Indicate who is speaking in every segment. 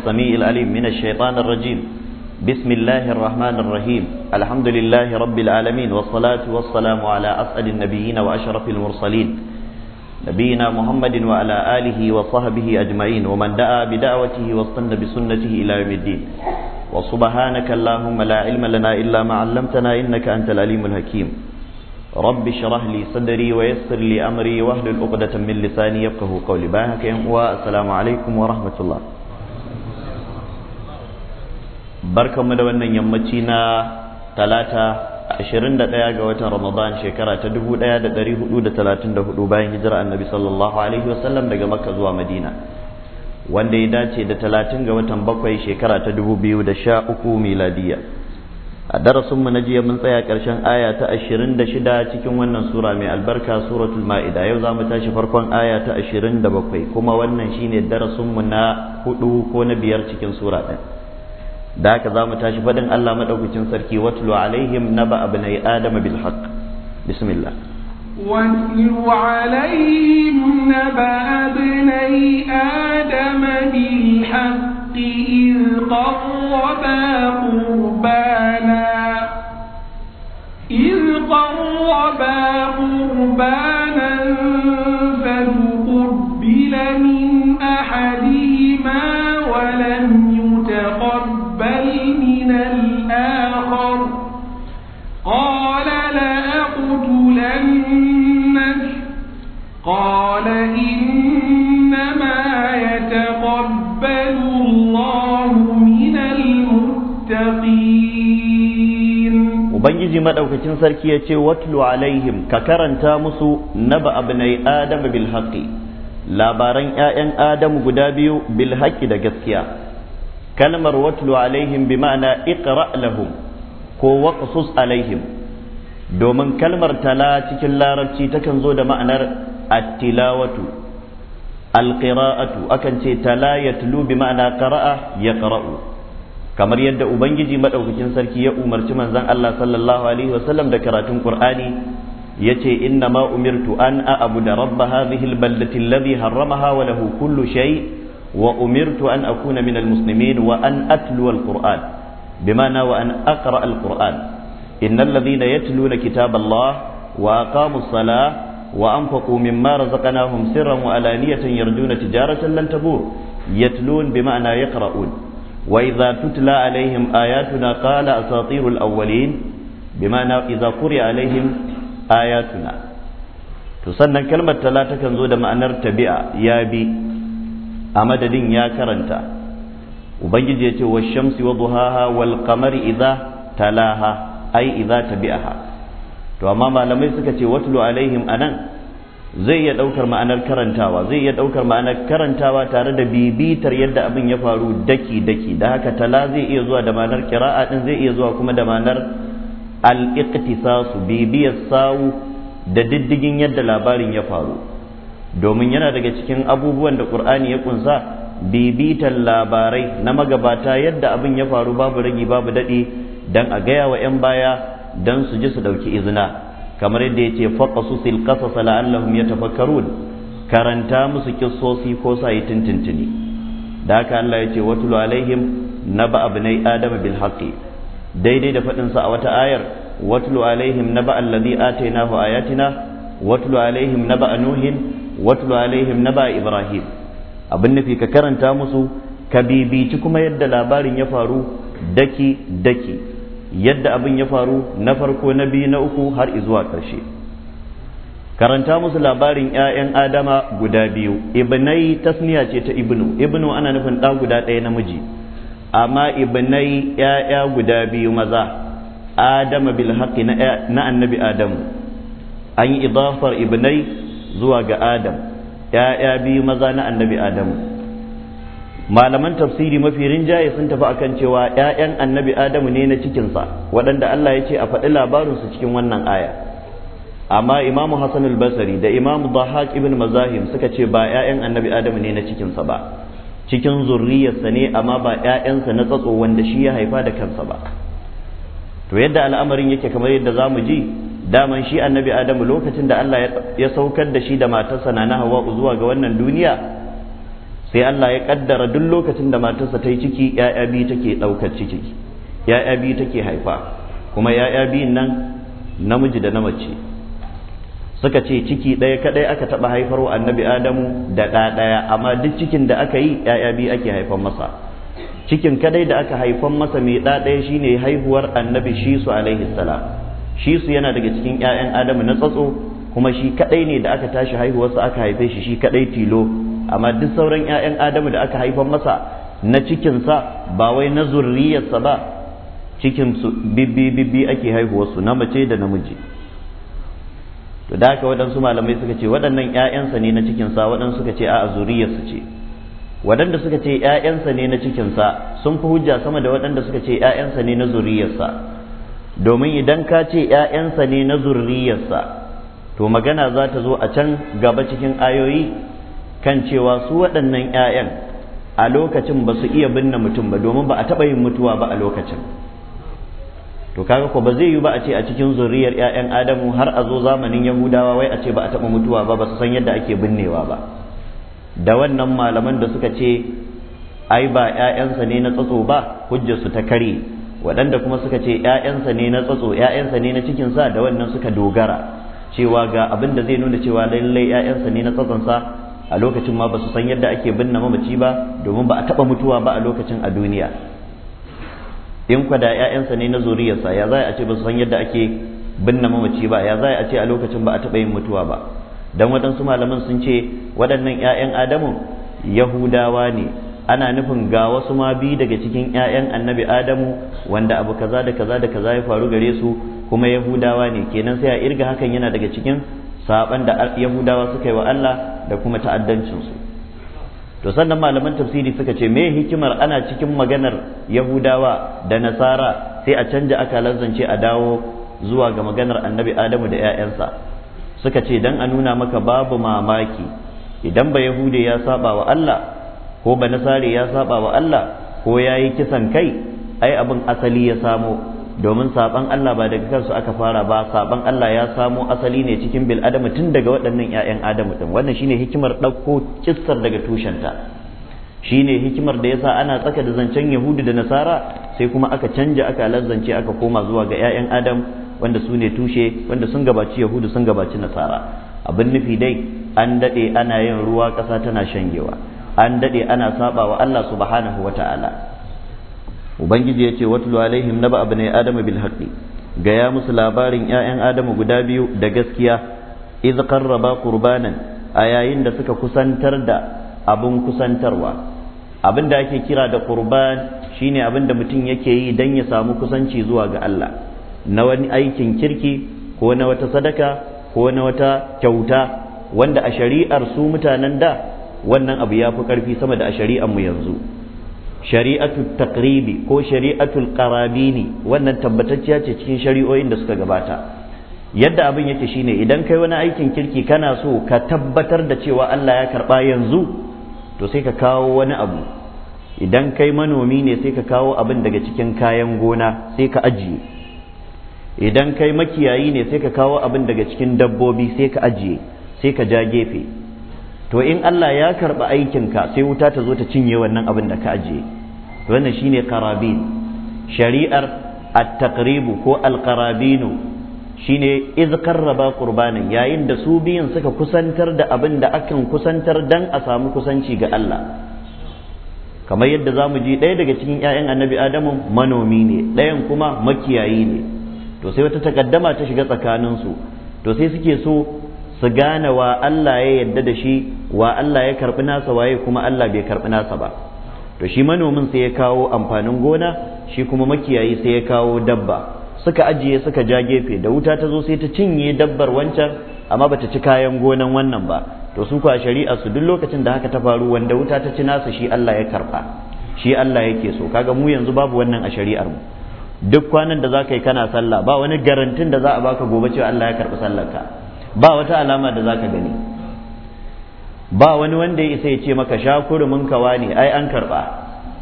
Speaker 1: السميع العليم من الشيطان الرجيم بسم الله الرحمن الرحيم الحمد لله رب العالمين والصلاة والسلام على أسأل النبيين وأشرف المرسلين نبينا محمد وعلى آله وصحبه أجمعين ومن دعا بدعوته واستنى بسنته إلى يوم الدين وسبحانك اللهم لا علم لنا إلا ما علمتنا إنك أنت العليم الحكيم رب اشرح لي صدري ويسر لي أمري واهل عقدة من لساني يفقه قولي باهك يا السلام عليكم ورحمة الله barkanmu da wannan yammaci na talata 21 ga watan ramadan shekara ta 1434 bayan hijira annabi sallallahu alaihi wasallam daga makka zuwa madina wanda ya dace da 30 ga watan bakwai shekara ta 2013 miladiya a darasinmu na jiya mun tsaya ƙarshen aya ta 26 cikin wannan sura mai albarka suratul ma'ida yau za mu tashi farkon aya ta 27 kuma wannan shine darasinmu na hudu ko na biyar cikin sura ɗin da haka za mu tashi faɗin Allah maɗaukacin sarki watlu alaihim na ba abu nai adama bil haq bismillah
Speaker 2: واتل عليهم نبأ ابني آدم بالحق إذ قربا قربانا إذ قربا قربانا قال إنما يتقبل الله من المتقين
Speaker 1: Ubangiji maɗaukacin sarki ya ce watlu alaihim ka karanta musu naba abnai Adam bil labaran ‘ya'yan Adamu guda biyu bil da gaskiya kalmar watlu alaihim bi ma'ana iqra lahum ko waqsus alaihim domin kalmar tala cikin larabci takan zo da ma'anar attilawatu alƙira'atu akan ce tala tulu bi ma'ana ƙara'a ya ƙara'u kamar yadda ubangiji madaukakin sarki ya umarci manzon Allah sallallahu alaihi wasallam da karatun ya ce inna ma umirtu an a abu da rabba hadhihi albaldati alladhi harramaha wa lahu kullu shay wa umirtu an akuna minal muslimin wa an atlu alquran bima'ana wa an aqra alquran innal ladhina yatluna kitaballah wa aqamu as وأنفقوا مما رزقناهم سرا وعلانية يرجون تجارة لن تبور يتلون بمعنى يقرؤون وإذا تتلى عليهم آياتنا قال أساطير الأولين بمعنى إذا قرئ عليهم آياتنا تسنن كلمة ثلاثة كان زود ما نرتبع يا بي أمد دين يا كرنتا وبنجي والشمس وضحاها والقمر إذا تلاها أي إذا تبعها to amma malamai suka ce watlu alaihim anan zai iya daukar ma'anar karantawa zai iya daukar ma'anar karantawa tare da bibitar yadda abin ya faru daki daki da haka tala zai iya zuwa da ma'anar qira'a din zai iya zuwa kuma da ma'anar al-iqtisasu bibiyar sawu da diddigin yadda labarin ya faru domin yana daga cikin abubuwan da qur'ani ya kunsa bibitar labarai na magabata yadda abin ya faru babu ragi babu dadi dan a gaya wa 'yan baya dan su ji su ɗauki izina kamar yadda yace faqasusil ya la'allahum yatafakkarun karanta musu kissosi ko yi tintintini da haka Allah yace watulu alaihim naba abnai adama bil haqqi daidai da faɗin sa a wata ayar watulu alaihim naba alladhi atainahu ayatina watulu alaihim naba nuhin watulu alaihim ba ibrahim abin nufi ka karanta musu ka bibici kuma yadda labarin ya faru daki daki yadda abin ya faru na farko na biyu na uku har zuwa ƙarshe karanta musu labarin 'ya'yan adama guda biyu ibnai tasniya ce ta ibnu ibnu ana nufin ɗa guda ɗaya namiji amma ibnai 'ya'ya guda biyu maza adama bil na annabi adamu an yi idafar ibnai zuwa ga adam 'ya'ya biyu maza na annabi adamu malaman tafsiri mafi rinjaye sun tafi akan cewa ‘ya'yan annabi adamu ne na cikinsa waɗanda Allah ya ce a faɗi labarin su cikin wannan aya amma imamu hassan basari da imamu dahaq ibn mazahim suka ce ba ‘ya'yan annabi adamu ne na cikinsa ba cikin zurriyarsa ne amma ba ‘ya'yansa na tsatso wanda shi ya haifa da kansa ba to yadda al'amarin yake kamar yadda za mu ji daman shi annabi adamu lokacin da Allah ya saukar da shi da matarsa na hawa zuwa ga wannan duniya sai Allah ya kaddara duk lokacin da matarsa ta yi ciki ya'ya biyu take ɗaukar ciki ya'ya biyu take haifa kuma ya'ya biyun nan namiji da na mace suka ce ciki ɗaya kaɗai aka taɓa haifarwa annabi adamu da ɗa ɗaya amma duk cikin da aka yi ya'ya biyu ake haifan masa cikin kadai da aka haifan masa mai ɗa ɗaya shine haihuwar annabi shisu alaihi salam shisu yana daga cikin 'ya'yan adamu na tsatso kuma shi kadai ne da aka tashi haihuwarsa aka haife shi shi kadai tilo amma duk sauran 'ya'yan adamu da aka haifar masa na cikinsa ba wai na zurriyarsa ba cikinsu bibbi bibbi ake haihuwarsu na mace da namiji to da haka waɗansu malamai suka ce waɗannan 'ya'yansa ne na cikinsa waɗansu suka ce a zuriyarsu ce waɗanda suka ce 'ya'yansa ne na cikinsa sun fi hujja sama da waɗanda suka ce 'ya'yansa ne na zuriyarsa domin idan ka ce 'ya'yansa ne na zurriyarsa to magana za ta zo a can gaba cikin ayoyi kan cewa su waɗannan 'ya'yan a lokacin ba su iya binne mutum ba domin ba a taɓa yin mutuwa ba a lokacin to kaga ko ba zai yi ba a ce a cikin zuriyar 'ya'yan adamu har a zo zamanin yahudawa wai a ce ba a taɓa mutuwa ba ba su san yadda ake binnewa ba da wannan malaman da suka ce ai ba 'ya'yansa ne na tsatso ba hujjarsu ta kare waɗanda kuma suka ce 'ya'yansa ne na tsatso 'ya'yansa ne na cikinsa da wannan suka dogara cewa ga abin da zai nuna cewa lallai 'ya'yansa ne na tsatsonsa a lokacin ma ba su san yadda ake binne mamaci ba domin ba a taba mutuwa ba a lokacin a duniya in kwada ‘ya'yansa ne na zuriyarsa ya za a ce ba su san yadda ake binne mamaci ba ya za a ce a lokacin ba a taɓa yin mutuwa ba dan waɗansu malaman sun ce waɗannan ‘ya'yan adamu yahudawa ne ana nufin ga wasu ma bi daga cikin ‘ya'yan annabi adamu wanda abu kaza da kaza da kaza ya faru gare su kuma yahudawa ne kenan sai a irga hakan yana daga cikin saban da yahudawa suka yi wa Allah da kuma ta'addancinsu to sannan malaman tafsiri suka ce me hikimar ana cikin maganar yahudawa da nasara sai a canja aka lazzance a dawo zuwa ga maganar annabi adamu da 'ya'yansa suka ce dan a nuna maka babu mamaki idan ba yahude ya saba wa Allah ko ba nasare ya saba wa Allah ko ya yi kisan kai ai abin asali ya samo domin saban Allah ba daga kansu aka fara ba saban Allah ya samo asali ne cikin bil adamu tun daga waɗannan 'ya'yan adamu din wannan shine hikimar ɗauko kissar daga tushenta shine hikimar da yasa ana tsaka da zancen yahudu da nasara sai kuma aka canja aka lazzance aka koma zuwa ga 'ya'yan adam wanda su ne tushe wanda sun gabaci yahudu sun gabaci nasara abin nufi dai an daɗe ana yin ruwa ƙasa tana shanyewa an daɗe ana saɓa wa Allah subhanahu wa ta'ala ubangiji ya ce watlu alaihim naba ne adama bil haqqi gaya musu labarin 'ya'yan adamu guda biyu da gaskiya iz qarraba qurbanan a yayin da suka kusantar da abin kusantarwa abin da ake kira da qurban shine abin da mutum yake yi dan ya samu kusanci zuwa ga Allah na wani aikin kirki ko na wata sadaka ko na wata kyauta wanda a shari'ar su mutanen da wannan abu ya fi ƙarfi sama da a shari'ar mu yanzu shari'atul taqribi ko shari'atul qarabini wannan tabbatacciya ce cikin shari'o'in da suka gabata yadda abin yake shine idan kai wani aikin kirki kana so ka tabbatar da cewa Allah ya karba yanzu to sai ka kawo wani abu idan kai manomi ne sai ka kawo abin daga cikin kayan gona sai ka ajiye idan kai makiyayi ne sai ka kawo abin daga cikin dabbobi sai ka ajiye sai ka ja gefe to in Allah ya karba aikinka sai wuta ta zo ta cinye wannan abin da ka ajiye wannan shine karabin shari'ar at-taqribu ko al-qarabinu shine iz qarraba qurbanan yayin da su biyan suka kusantar da abin da akan kusantar dan a samu kusanci ga Allah kamar yadda zamu ji ɗaya daga cikin 'ya'yan annabi adamu manomi ne ɗayan kuma makiyayi ne to sai wata takaddama ta shiga tsakaninsu to sai suke so su gane wa Allah ya yadda da shi wa Allah ya karɓi nasa waye kuma Allah bai karɓi nasa ba to shi manomin sai ya kawo amfanin gona shi kuma makiyayi sai ya kawo dabba suka ajiye suka ja gefe da wuta ta zo sai ta cinye dabbar wancan amma bata ci kayan gonan wannan ba to su kuwa shari'a su duk lokacin da haka ta faru wanda wuta ta ci nasa shi Allah ya karɓa shi Allah yake so kaga mu yanzu babu wannan a shari'ar mu duk kwanan da za ka yi kana sallah ba wani garantin da za a baka gobe cewa Allah ya karɓi sallarka ba wata alama da za ka gani ba wani wanda ya isa ya ce maka sha kurumin kawa ne ai an karba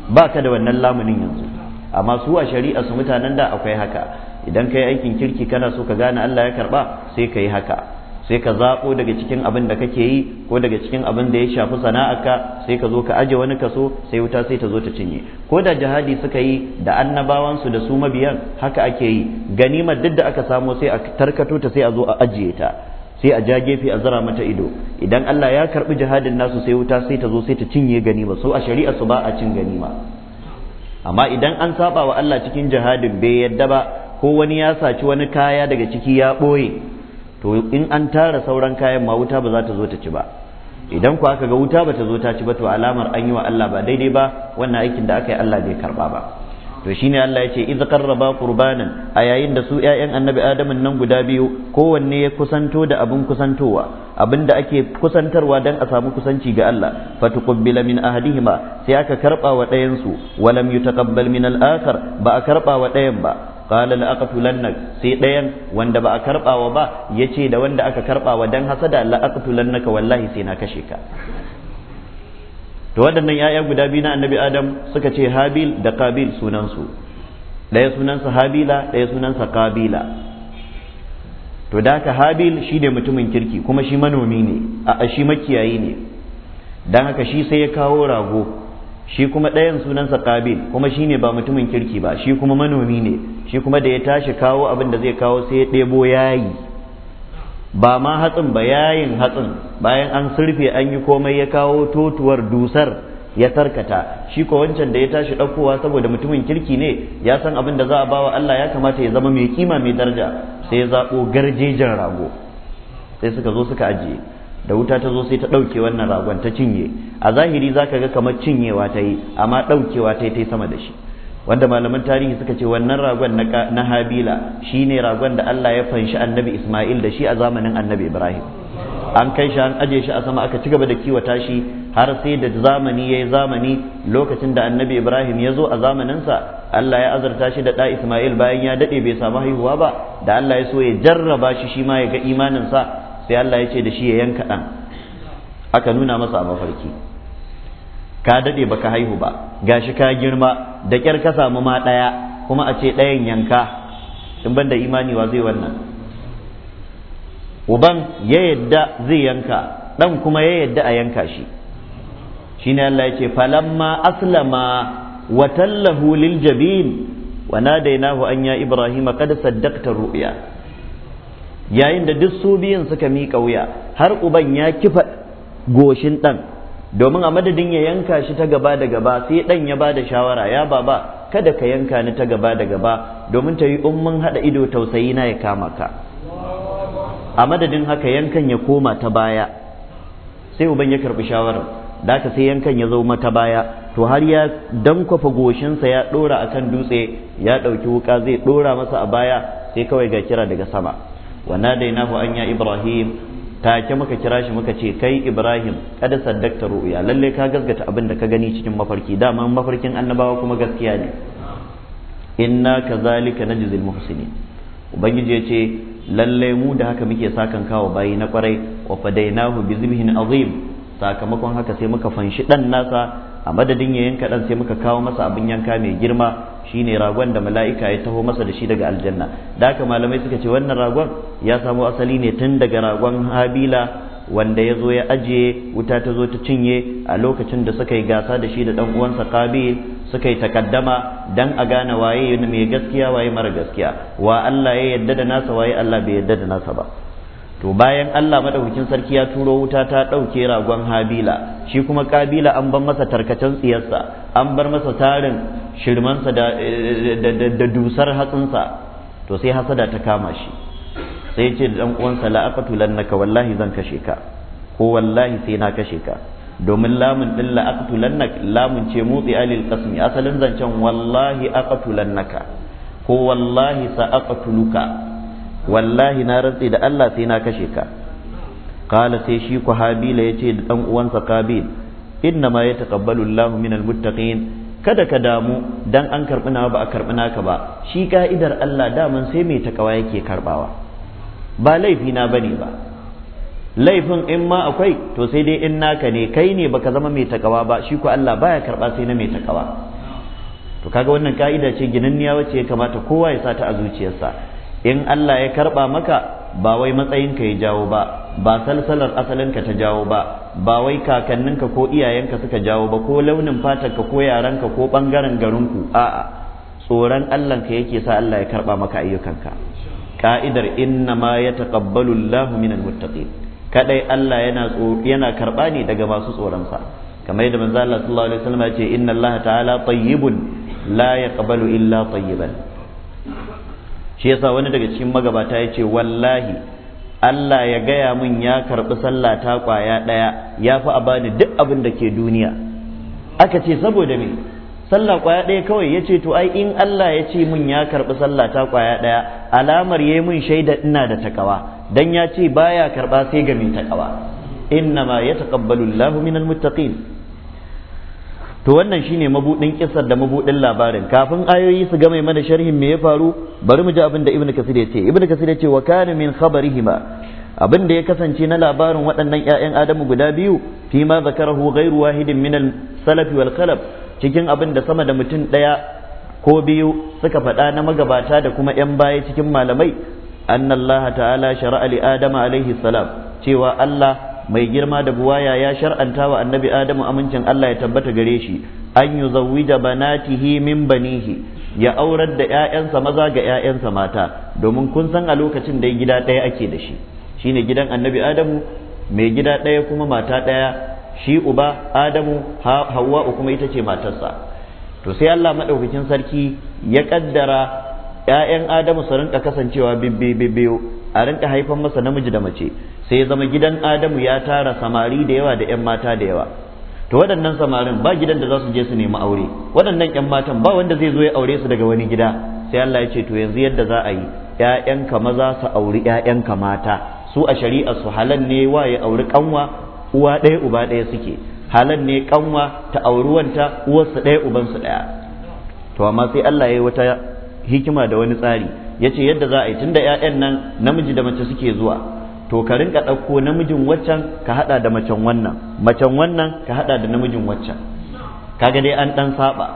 Speaker 1: ba ka da wannan lamunin yanzu amma su a shari'a su mutanen da akwai haka idan ka yi aikin kirki kana so ka gane Allah ya karba sai ka yi haka sai ka zaɓo daga cikin abin da kake yi ko daga cikin abin da ya shafi sana'arka sai ka zo ka aje wani kaso sai wuta sai ta zo ta cinye ko da jihadi suka yi da annabawansu da su mabiyan haka ake yi ganimar duk da aka samo sai a tarkato ta sai a zo a ajiye ta sai a ja gefe a zara mata ido idan Allah ya karbi jihadin nasu sai wuta sai ta zo sai ta cinye gani ba so a shari'a su ba a cin ma. amma idan an saba wa Allah cikin jihadin bai yadda ba ko wani ya saci wani kaya daga ciki ya ɓoye to in an tara sauran kayan ma wuta ba za ta zo ta ci ba idan ku aka ga wuta ba ta zo ta ci ba to alamar an yi wa Allah ba daidai ba wannan aikin da aka yi Allah bai karba ba to shine Allah ya ce iz qarraba qurbanan a yayin da su ƴaƴan annabi adamu nan guda biyu kowanne ya kusanto da abin kusantowa abin da ake kusantarwa dan a samu kusanci ga Allah fatuqbila min ahadihima sai aka karba wa ɗayan su walam yutaqabbal min al-akhar ba a karba wa ɗayan ba qala la aqtulannak sai ɗayan wanda ba a karbawa ba yace da wanda aka karbawa dan hasada la aqtulannaka wallahi sai na kashe ka to waɗannan ya'ya guda biyu na annabi adam suka ce habil da kabil sunansu ɗaya sunansa habila ɗaya sunansa kabila to da haka habil shi ne mutumin kirki kuma shi manomi ne a shi makiyayi ne don haka shi sai ya kawo rago shi kuma ɗayan sunansa kabil kuma shi ne ba mutumin kirki ba shi kuma manomi ne shi kuma da ya tashi kawo abin da zai kawo sai ya ɗebo yayi ba ma hatsin ba yayin hatsin bayan an surfe an yi komai ya kawo totuwar dusar ya tarkata shi ko wancan da ya tashi ɗaukowa saboda mutumin kirki ne ya san abin da za a bawa Allah ya kamata ya zama mai kima mai daraja sai ya zaɓo garjejen rago sai suka zo suka ajiye da wuta ta zo sai ta ɗauke wannan ragon ta cinye a zahiri zaka ga kamar cinyewa ta yi amma ɗaukewa ta yi ta sama da shi wanda malaman tarihi suka ce wannan ragon na habila ne ragon da Allah ya fanshi annabi Ismail da shi a zamanin annabi Ibrahim an kai shi an ajiye shi a sama aka cigaba da kiwata shi har sai da zamani ya yi zamani lokacin da annabi Ibrahim ya zo a zamaninsa Allah ya azarta shi da ɗa Ismail bayan ya daɗe bai samu haihuwa ba da Allah ya so ya jarraba shi shi ma ya ga imaninsa sai Allah ya ce da shi ya yanka ɗan aka nuna masa a mafarki ka daɗe baka haihu ba gashi ka girma da kyar ka samu ma ɗaya kuma a ce ɗayan yanka in ban da imani wa zai wannan uban ya yadda zai yanka ɗan kuma ya yadda a yanka shi Shi shine Allah ya ce falamma aslama wa tallahu lil jabin wa nadainahu an ya ibrahima qad saddaqta ru'ya yayin da duk su biyun suka miƙa wuya har uban ya kifa goshin ɗan domin a madadin ya yanka shi ta gaba da gaba sai dan ya bada shawara ya baba kada ka yanka ni ta gaba da gaba domin ta yi umman haɗa ido tausayi na ya kama ka a madadin haka yankan ya koma ta baya sai uban ya karbi shawarar da haka sai yankan ya zo mata baya to har ya dankwafa goshinsa ya ɗora a kan dutse ya ɗauki wuka zai ɗora masa a baya sai kawai ga kira daga sama wana daina an ya ibrahim take muka kira shi muka ce kai ibrahim kada saddakta ru'ya lalle ka gaskata abin da ka gani cikin mafarki dama mafarkin annabawa kuma gaskiya ne inna kazalika najzil muhsinin ubangiji ya ce lalle mu da haka muke sakan kawo bayi na kwarai wa fadainahu bi zibhin azim sakamakon haka sai muka fanshi dan nasa a madadin ya yanka dan sai muka kawo masa abin yanka mai girma shine ragon da mala'ika ya taho masa da shi daga aljanna da haka malamai suka ce wannan ragon ya samo asali ne tun daga ragon habila wanda ya zo ya ajiye wuta ta zo ta cinye a lokacin da suka yi gasa da shi da ɗan uwansa kabil suka yi takaddama dan a gane waye mai gaskiya waye mara gaskiya wa Allah ya yadda da nasa waye Allah bai yadda da nasa ba to bayan Allah madaukakin sarki ya turo wuta ta ɗauke ragon Habila shi kuma Kabila an bar masa tarkacen tsiyarsa an bar masa tarin shirmansa da, da, dusar hatsinsa to sai hasada ta kama shi sai ce da ɗan uwansa la'aqatulannaka wallahi zan kashe ka ko wallahi sai na kashe ka domin lamun din la'aqatulannak lamun ce mutsi alil qasmi asalin zancen wallahi aqatulannaka ko wallahi sa'aqatuluka wallahi na rantse da Allah sai na kashe ka qala sai shi ku habila yace da dan uwansa qabil inna ma yataqabbalu Allahu minal muttaqin kada ka damu dan an karbi nawa ba a karɓi naka ba shi ka'idar Allah daman sai mai takawa yake karɓawa ba laifi na bane ba laifin in ma akwai to sai dai in naka ne kai ne baka zama mai takawa ba shi ko Allah baya karɓa sai na mai takawa to kaga wannan ka'ida ce ginanniya wacce ya kamata kowa ya sa ta a zuciyarsa in Allah ya karba maka ba wai ka ya jawo ba ba salsalar asalinka ta jawo ba ba wai kakanninka ko iyayenka suka jawo ba ko launin fatarka ko ka, ko bangaren garinku a'a tsoron Allahnka yake sa Allah ya karba maka ayyukanka ka'idar inna ma yataqabbalu Allahu minal muttaqin kadai Allah yana yana karba ne daga masu tsoron sa. kamar yadda manzo Allah sallallahu alaihi wasallam ya ce inna Allah ta'ala tayyibun la yaqbalu illa tayyiban shi yasa wani daga cikin magabata ya ce wallahi Allah ya gaya min ya karɓi sallah ta ƙwaya ɗaya ya fi a bani duk abin da ke duniya aka ce saboda me sallah ƙwaya ɗaya kawai ya ce to ai in Allah ya ce min ya karɓi sallah ta ƙwaya ɗaya alamar ya min shaida ina da takawa dan ya ce baya karɓa sai ga mai takawa innama ya taƙabbalu Allahu minal muttaqin to wannan shine mabudin kisar da mabudin labarin kafin ayoyi su game mana sharhin me ya faru bari mu ji abin da ibnu kasir yace ibnu kasir yace wa kana min khabarihima abin da ya kasance na labarin waɗannan ƴaƴan adamu guda biyu fi ma zakarahu ghairu wahidin min salafi wal khalaf cikin abin da sama da mutum ɗaya ko biyu suka faɗa na magabata da kuma ƴan baya cikin malamai annallaha ta'ala shara'a li adama alaihi salam cewa Allah mai girma da buwaya ya shar'anta wa annabi adamu amincin Allah ya tabbata gare shi an yi bana banatihi min banihi ya aurar da 'ya'yansa maza ga 'ya'yansa mata domin kun san a lokacin da gida ɗaya ake da shi shine gidan annabi adamu mai gida ɗaya kuma mata ɗaya shi uba adamu uku kuma ita ce matarsa to sai Allah maɗaukakin sarki ya ƙaddara 'ya'yan adamu su rinka kasancewa bibbiyu a rinka haifan masa namiji da mace sai ya zama gidan adamu ya tara samari da yawa da 'yan mata da yawa to waɗannan samarin ba gidan da za su je su nemi aure waɗannan 'yan matan ba wanda zai zo ya aure su daga wani gida sai Allah ya ce to yanzu yadda za a yi 'ya'yanka maza su auri 'ya'yanka mata su a shari'a su halal ne wa ya auri kanwa uwa ɗaya uba ɗaya suke halal ne kanwa ta auri wanta uwarsa ɗaya uban su ɗaya to amma sai Allah ya yi wata hikima da wani tsari ya ce yadda za a yi da 'ya'yan nan namiji da mace suke zuwa to ka rinka ɗauko namijin waccan ka haɗa da macen wannan macen wannan ka haɗa da namijin waccan kaga dai an ɗan saba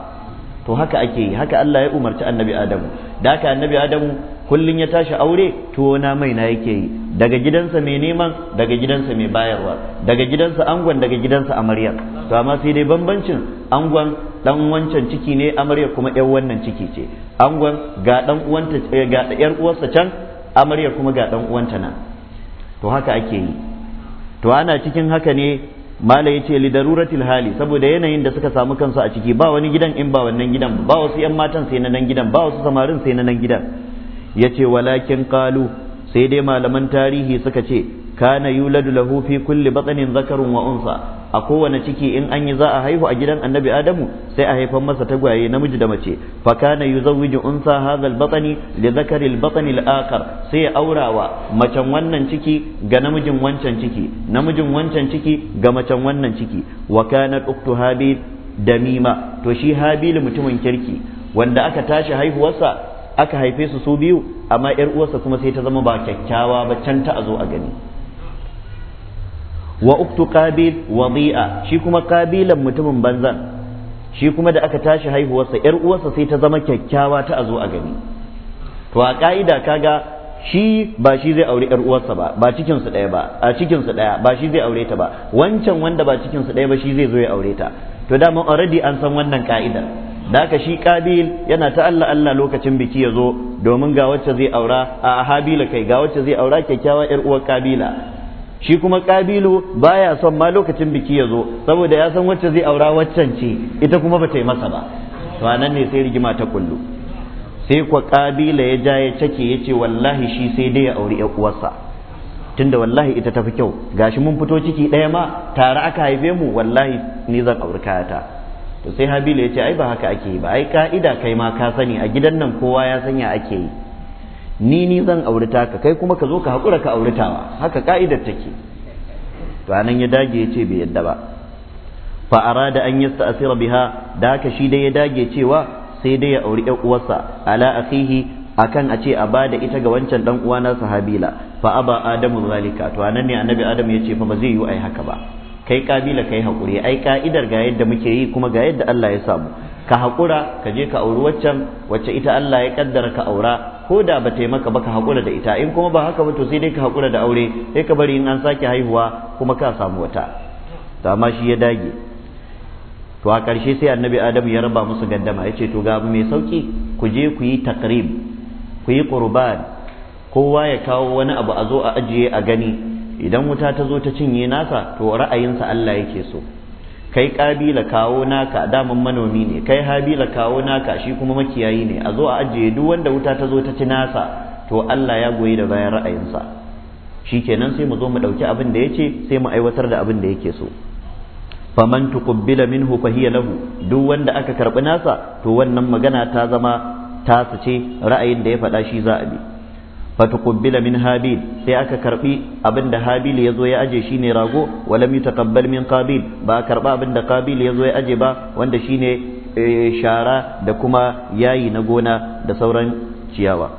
Speaker 1: to haka ake yi haka Allah ya umarci annabi Adamu da haka annabi Adamu kullun ya tashi aure tuwo na mai na yake yi daga gidansa mai neman daga gidansa mai bayarwa daga gidansa angon daga gidansa amarya to amma sai dai bambancin angon dan wancan ciki ne amarya kuma yan wannan ciki ce angon ga dan uwanta eh, ga yar uwarsa can amarya kuma ga dan uwanta nan to haka ake yi to ana cikin haka ne mala ya ce lidaruratil hali saboda yanayin da suka samu kansu a ciki ba wani gidan in ba wannan gidan ba wasu yan matan sai na nan gidan ba wasu samarin sai na nan gidan yace walakin kalu sai dai malaman tarihi suka ce kana yuladu lahu fi kulli batnin zakarun wa unsa a kowane ciki in an yi za a haihu a gidan annabi adamu sai a haifan masa tagwaye namiji da mace fa kana yuzawwiju unsa hadha al li dhakari al sai ya aurawa macen wannan ciki ga namijin wancan ciki namijin wancan ciki ga macen wannan ciki wa kanat uktu habil damima to shi habil mutumin kirki wanda aka tashi haihuwarsa aka haife su su biyu amma yar uwarsa kuma sai ta zama ba kyakkyawa ba can ta a zo a gani wa uktu qabil dhi'a shi kuma qabilan mutumin banzan shi kuma da aka tashi haihuwarsa yar uwarsa sai ta zama kyakkyawa ta a zo a gani to a ka'ida kaga shi ba shi zai aure yar uwarsa ba ba cikin su daya ba a cikin su daya ba shi zai aure ta ba wancan wanda ba cikin su daya ba shi zai zo ya aure ta to dama already an san wannan ka'idar da ka shi kabil yana ta Allah Allah lokacin biki ya zo domin ga wacce zai aura a habila kai ga wacce zai aura kyakkyawa yar uwar kabila shi kuma kabilu baya son ma lokacin biki ya zo saboda ya san wacce zai aura waccan ce ita kuma ba ta yi masa ba to anan ne sai rigima ta kullu sai kwa kabila ya ja ya cake ya ce wallahi shi sai dai ya auri yar uwarsa tunda wallahi ita tafi kyau gashi mun fito ciki ɗaya ma tare aka haife mu wallahi ni zan auri kayata to sai habilu ya ce ai ba haka ake yi ba ai ka'ida kai ma ka sani a gidan nan kowa ya sanya ake yi ni ni zan aurita ka kai kuma ka zo ka haƙura ka auritawa haka ka'idar take to anan ya dage ya ce bai yadda ba fa arada an yasta'sira biha da haka shi dai ya dage cewa sai dai ya auri ɗan uwarsa ala akhihi akan a ce a bada ita ga wancan dan uwa na sahabila fa aba adamu zalika to anan ne annabi adam ya ce fa ba zai yi haka ba kai kabila kai haƙuri ai ka'idar ga yadda muke yi kuma ga yadda Allah ya samu ka haƙura ka je ka auri waccan wacce ita Allah ya kaddara ka aura ko da ba ta maka ba ka haƙura da ita in kuma ba haka ba to sai dai ka haƙura da aure sai ka bari in an sake haihuwa kuma ka samu wata to amma shi ya dage to a ƙarshe sai annabi adamu ya raba musu gaddama ya ce to ga mai sauki ku je ku yi takrib ku yi qurban kowa ya kawo wani abu a zo a ajiye a gani idan wuta ta zo ta cinye nasa to ra'ayinsa Allah yake so kai kabila kawo naka daman manomi ne kai habila kawo naka shi kuma makiyayi ne a zo a ajiye duk wanda wuta ta zo ta ci nasa to Allah ya goyi da bayan ra'ayinsa Shi kenan sai mu zo mu dauki abin da yace sai mu aiwatar da abin da yake so faman tuqbila minhu fa hiya lahu duk wanda aka karbi nasa to wannan magana ta zama ta ce ra'ayin da ya faɗa shi za a bi fatuqbila min habil sai aka karbi abinda habil ya zo ya aje shine rago walam yutaqabbal min qabil ba karba abinda qabil ya zo ya aje ba wanda shine eh, shara da kuma yayi na gona da sauran ciyawa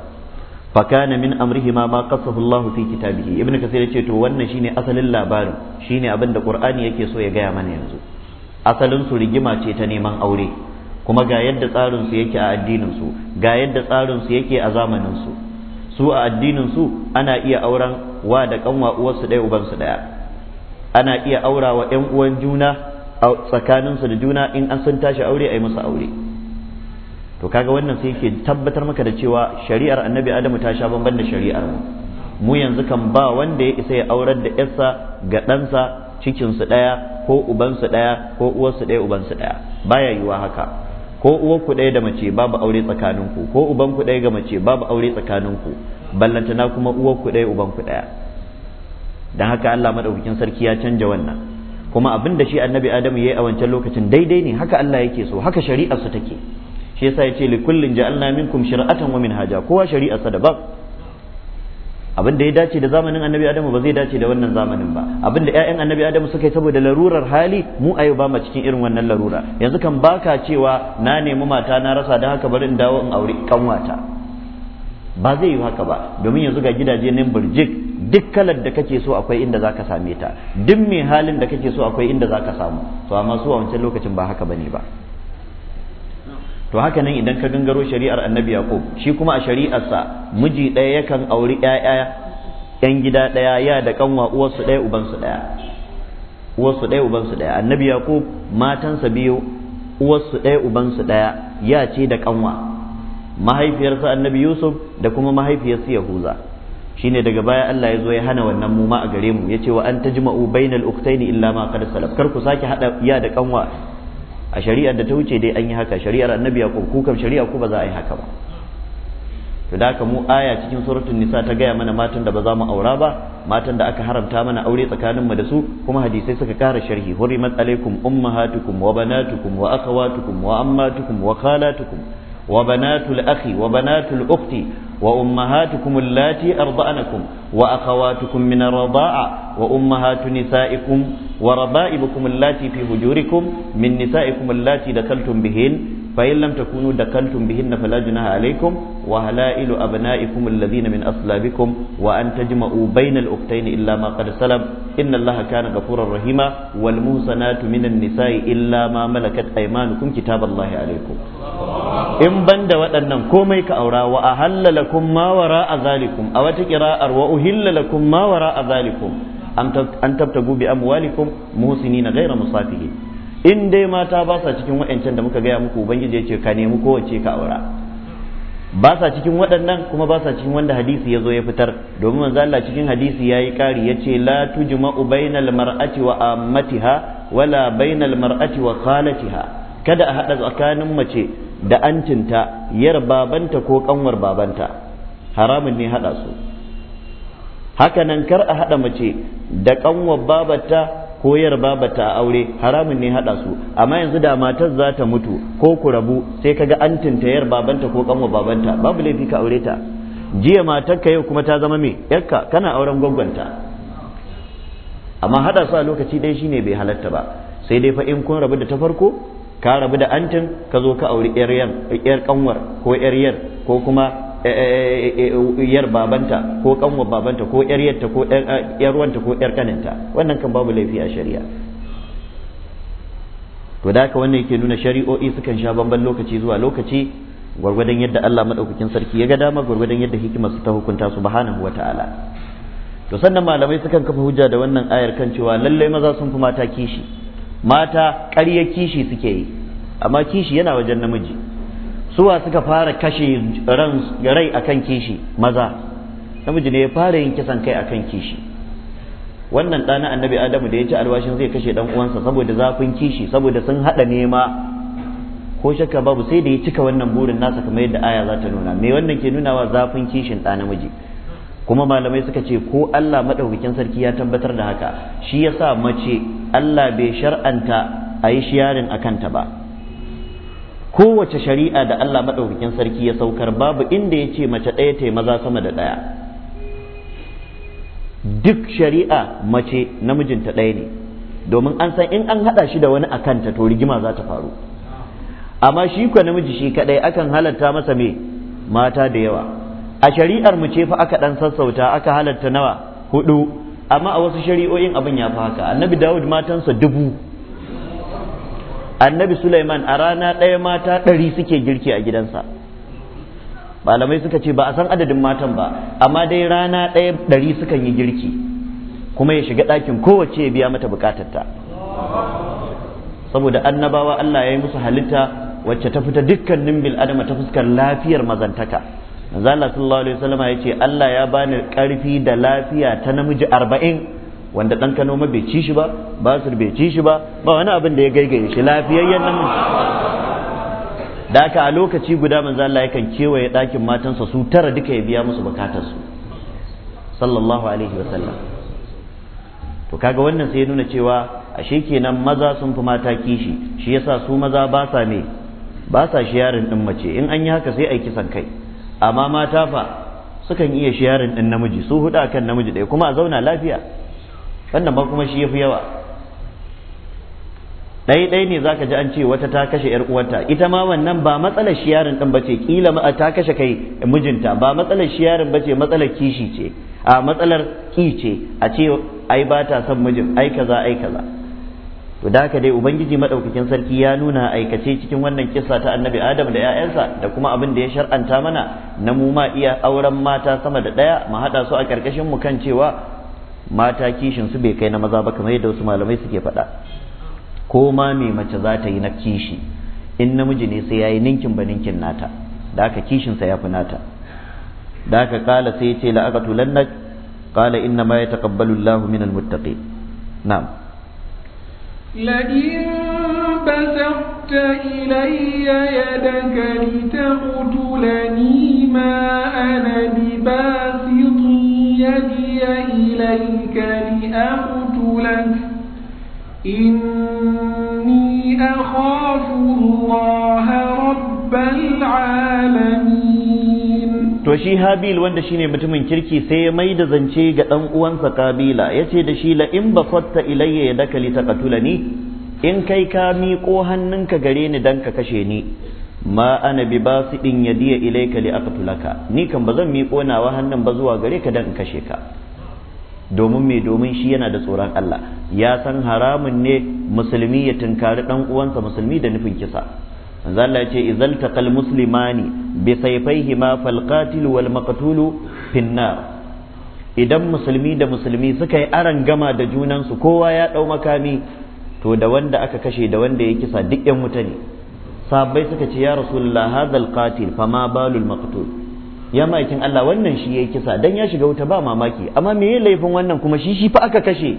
Speaker 1: fakana min amrihi ma qasahu Allah fi kitabihi ibnu kasir yace to wannan shine asalin labarin shine abinda qur'ani yake so ya gaya mana yanzu asalin su rigima ce ta neman aure kuma ga yadda tsarin su yake a addinin su ga yadda tsarin su yake a zamanin su su a addinin su ana iya auren wa da kanwa uwarsu ɗaya ubansu ɗaya ana iya aura wa ƴan uwan juna a tsakaninsu da juna in an san tashi aure a musu aure to kaga wannan sai yake tabbatar maka da cewa shari'ar annabi adamu ta sha bamban da shari'ar mu mu yanzu kan ba wanda ya isa ya aurar da yarsa ga ɗansa cikinsu ɗaya ko ubansu ɗaya ko uwarsu ɗaya ubansu ɗaya baya yiwa haka ko uwar ku ɗaya da mace babu aure tsakaninku ko uban ku ɗaya ga mace babu aure tsakaninku ballantana kuma uwar ku ɗaya uban ku ɗaya dan haka Allah madaukakin sarki ya canja wannan kuma abin da shi annabi adamu ya yi a wancan lokacin daidai ne haka Allah yake so haka shari'arsa take shi yasa ya ce li kullin ja'alna minkum shir'atan wa minhaja kowa shari'arsa daban abin da ya dace da zamanin annabi adamu ba zai dace da wannan zamanin ba abin da ƴaƴan annabi adamu suka yi saboda larurar hali mu a yau ba mu cikin irin wannan larura yanzu kan baka cewa na nemi mata na rasa da haka bari in dawo in aure kanwata ba zai yi haka ba domin yanzu ga gidaje nan burjik duk kalar da kake so akwai inda zaka same ta duk mai halin da kake so akwai inda zaka samu to amma su a wancan lokacin ba haka bane ba to haka nan idan ka gangaro shari'ar annabi yaqub shi kuma a shari'arsa miji ɗaya yakan auri ƴaƴa yan gida ɗaya ya da kanwa uwarsu ɗaya ubansu ɗaya uwarsu ɗaya ubansu ɗaya annabi yaqub matansa biyu uwarsu ɗaya ubansu ɗaya ya ce da kanwa mahaifiyarsa annabi yusuf da kuma mahaifiyarsa yahuza shine daga baya Allah ya zo ya hana wannan mu ma a gare mu yace wa an tajma'u bainal uktaini illa ma qad salaf kar ku sake hada iya da kanwa a shari'ar da ta wuce dai an yi haka shari'ar annabi ya ku kam shari'a ku ba za a yi haka ba to da mu aya cikin suratul nisa ta gaya mana matan da ba za mu aura ba matan da aka haramta mana aure tsakaninmu da su kuma hadisai suka kara sharhi hurimat alaikum ummahatukum wa banatukum wa akhawatukum wa ammatukum wa khalatukum wa banatul akhi wa banatul ukhti وأمهاتكم اللاتي أرضعنكم وأخواتكم من الرضاعة وأمهات نسائكم وربائبكم اللاتي في هجوركم من نسائكم اللاتي دخلتم بهن فإن لم تكونوا دخلتم بهن فلا جناح عليكم وهلائل أبنائكم الذين من أصلابكم وأن تجمعوا بين الأختين إلا ما قد سلم إن الله كان غفورا رحيما والمحصنات من النساء إلا ما ملكت أيمانكم كتاب الله عليكم in ban da waɗannan komai ka aura wa a ma wara a zalikum a wata kira'ar wa uhillalakum ma wara a zalikum an tabtagu bi amwalikum na gaira musafihi in dai mata ba sa cikin waɗancan da muka gaya muku ubangiji ya ce ka nemi kowace ka aura ba sa cikin waɗannan kuma ba sa cikin wanda hadisi ya zo ya fitar domin manzo Allah cikin hadisi ya yi ƙari ya ce la tujma'u bainal mar'ati wa ammatiha wala bainal mar'ati wa khalatiha kada a haɗa tsakanin mace da antinta yar babanta ko kanwar babanta haramun ne haɗa su haka nan kar a haɗa mace da kanwar babata ko yar babata a aure haramun ne haɗa su amma yanzu da matar za ta mutu ko ku rabu sai ka ga antinta yar babanta ko kanwar babanta babu laifi ka aure ta jiya matarka yau kuma ta zama me yarka kana auren gwaggwanta amma haɗa su a lokaci ɗaya shine bai halatta ba sai dai fa in kun rabu da ta farko ka rabu da antin ka zo ka auri yar kanwar ko yar ko kuma eh, eh, eh, yar babanta ko kanwar babanta ko yar yarta ko yar wanta ko yar kaninta wannan kan babu laifi a shari'a to da haka wannan yake nuna shari'o'i sukan sha bamban lokaci zuwa lokaci gwargwadon yadda Allah madaukakin sarki ya ga dama gwargwadon yadda hikimar su ta hukunta subhanahu wata'ala to sannan malamai sukan kafa hujja da wannan ayar kan cewa lallai maza sun fi mata kishi mata ƙarya kishi suke yi amma kishi yana wajen namiji suwa suka fara kashe rai akan kishi maza namiji ne ya fara yin kisan kai akan kishi wannan ɗana annabi adamu da ya ci alwashin zai kashe ɗan uwansa saboda zafin kishi saboda sun haɗa nema ko shakka babu sai da ya cika wannan burin nasa kamar yadda aya za ta nuna me wannan ke nunawa zafin kishin ɗa namiji kuma malamai suka ce ko Allah maɗaukakin sarki ya tabbatar da haka shi yasa mace Allah bai shar'anta a yi shiyarin a kanta ba kowace shari'a da Allah maɗaukakin sarki ya saukar babu inda ya ce mace ɗaya ta maza sama da ɗaya duk shari'a mace namijinta ɗaya ne domin an san in an haɗa shi da wani a kanta to rigima za ta faru amma shi kwa namiji shi kaɗai akan halatta masa me mata da yawa a shari'ar mu ce fa aka ɗan sassauta aka halatta nawa hudu amma a wasu shari'o'in abin ya fi haka annabi dawud matansa dubu annabi sulaiman a rana ɗaya mata ɗari suke girki a gidansa malamai suka ce ba a san adadin matan ba amma dai rana ɗaya ɗari sukan yi girki kuma ya shiga ɗakin kowace ya biya mata bukatarta saboda annabawa allah ya yi musu halitta wacce ta fita dukkanin bil adama ta fuskar lafiyar mazantaka manzo sallallahu alaihi wasallam ya ce Allah ya bani karfi da lafiya ta namiji arba'in wanda dan Kano bai ci shi ba su bai ci shi ba ba wani abin da ya gaigaye shi lafiyayyen namiji da aka a lokaci guda manzo Allah yakan kewaye ɗakin matansa su tara duka ya biya musu su sallallahu alaihi wasallam to kaga wannan sai ya nuna cewa ashe kenan maza sun fi mata kishi shi yasa su maza ba sa ne ba sa shi yarin din mace in an yi haka sai ai kisan kai amma mata fa sukan iya shiyarin ɗin namiji su huda kan namiji ɗaya kuma a zauna lafiya wannan ba kuma shi yafi yawa ɗai ɗai ne zaka ji an ce wata ta kashe yar uwarta ita ma wannan ba matsalar shiyarin din bace kila ma ta kashe kai mijinta ba matsalar shiyarin bace matsalar kishi ce a matsalar ki ce a ce ai ba ta son mijin ai kaza ai kaza to da haka dai ubangiji madaukakin sarki ya nuna aikace cikin wannan kissa ta annabi adam da 'ya'yansa da kuma abin da ya shar'anta mana na mu ma iya auren mata sama da ɗaya mu haɗa su a karkashin mu kan cewa mata kishin su bai kai na maza ba kamar yadda wasu malamai suke faɗa ko ma me mace za ta yi na kishi in namiji ne sai yayi ninkin ba ninkin nata da haka kishin sa yafi nata da haka kala sai ya ce la'aqatu lannak qala inna ma yataqabbalu Allahu minal muttaqin na'am
Speaker 2: لئن بسطت إلي يدك لتقتلني ما أنا بباسط يدي إليك لأقتلك إني أخاف الله رب العالمين
Speaker 1: to shi habil wanda shine mutumin kirki sai ya mai da zance ga dan uwansa kabila yace da shi la in basatta ilayya yadaka li ni in kai ka miƙo hannunka gare ni dan ka kashe ni ma ana bi basidin yadiya ilayka li aqtulaka ni kan bazan miƙo nawa hannun ba zuwa gare ka dan in kashe ka domin me domin shi yana da tsoron Allah ya san haramun ne musulmi ya tunkari dan uwansa musulmi da nufin kisa manzo Allah ya ce idzal taqal muslimani bi ma fal qatil wal maqtul idan musulmi da musulmi suka yi aran gama da junansu kowa ya dau makami to da wanda aka kashe da wanda ya kisa duk yan wuta ne sahabbai suka ce ya rasulullah hadal qatil fama balul maqtul ya maikin Allah wannan shi yayi kisa dan ya shiga wuta ba mamaki amma me yayin laifin wannan kuma shi shi fa aka kashe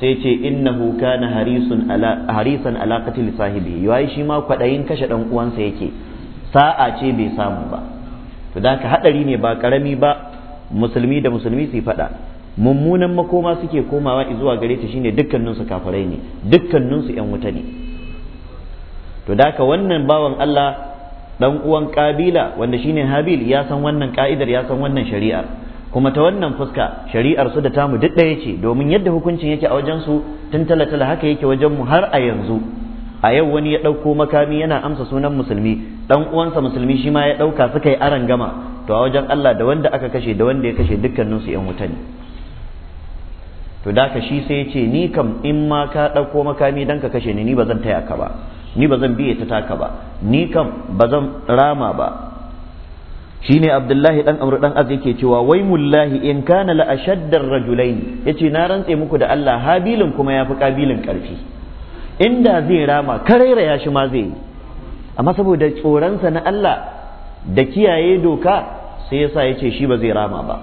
Speaker 1: sai ce innahu kana harisun ala harisan ala qatil sahibi yayi shi ma kwadayin kashe dan uwansa yake sa'a ce bai samu ba to da ka hadari ne ba karami ba musulmi da musulmi su yi faɗa mummunan makoma suke komawa zuwa gare ta shine dukkanin su kafirai ne dukkanin su yan wuta ne to da ka wannan bawan Allah dan uwan kabila wanda shine Habil ya san wannan ka'idar ya san wannan shari'ar kuma ta wannan fuska shari'ar su da tamu duk ɗaya ce domin yadda hukuncin yake a wajen su tun talatala haka yake wajen mu har a yanzu a yau wani ya ɗauko makami yana amsa sunan musulmi ɗan uwansa musulmi shi ma ya ɗauka suka yi aran gama to a wajen Allah da wanda aka kashe da wanda ya kashe dukkanin su ƴan wuta ne to da ka shi sai ya ce ni kam in ma ka ɗauko makami dan ka kashe ni ni ba zan taya ka ba ni ba zan biye ta taka ba ni kam ba zan rama ba Shi ne abdullahi ɗan amru dan az yake cewa wai mullahi in kana la ashaddar ya yace na rantse muku da Allah habilin kuma ya fi kabilin karfi inda zai rama karaira ya shi ma zai yi amma saboda tsoronsa na Allah da kiyaye doka sai yasa ce shi ba zai rama ba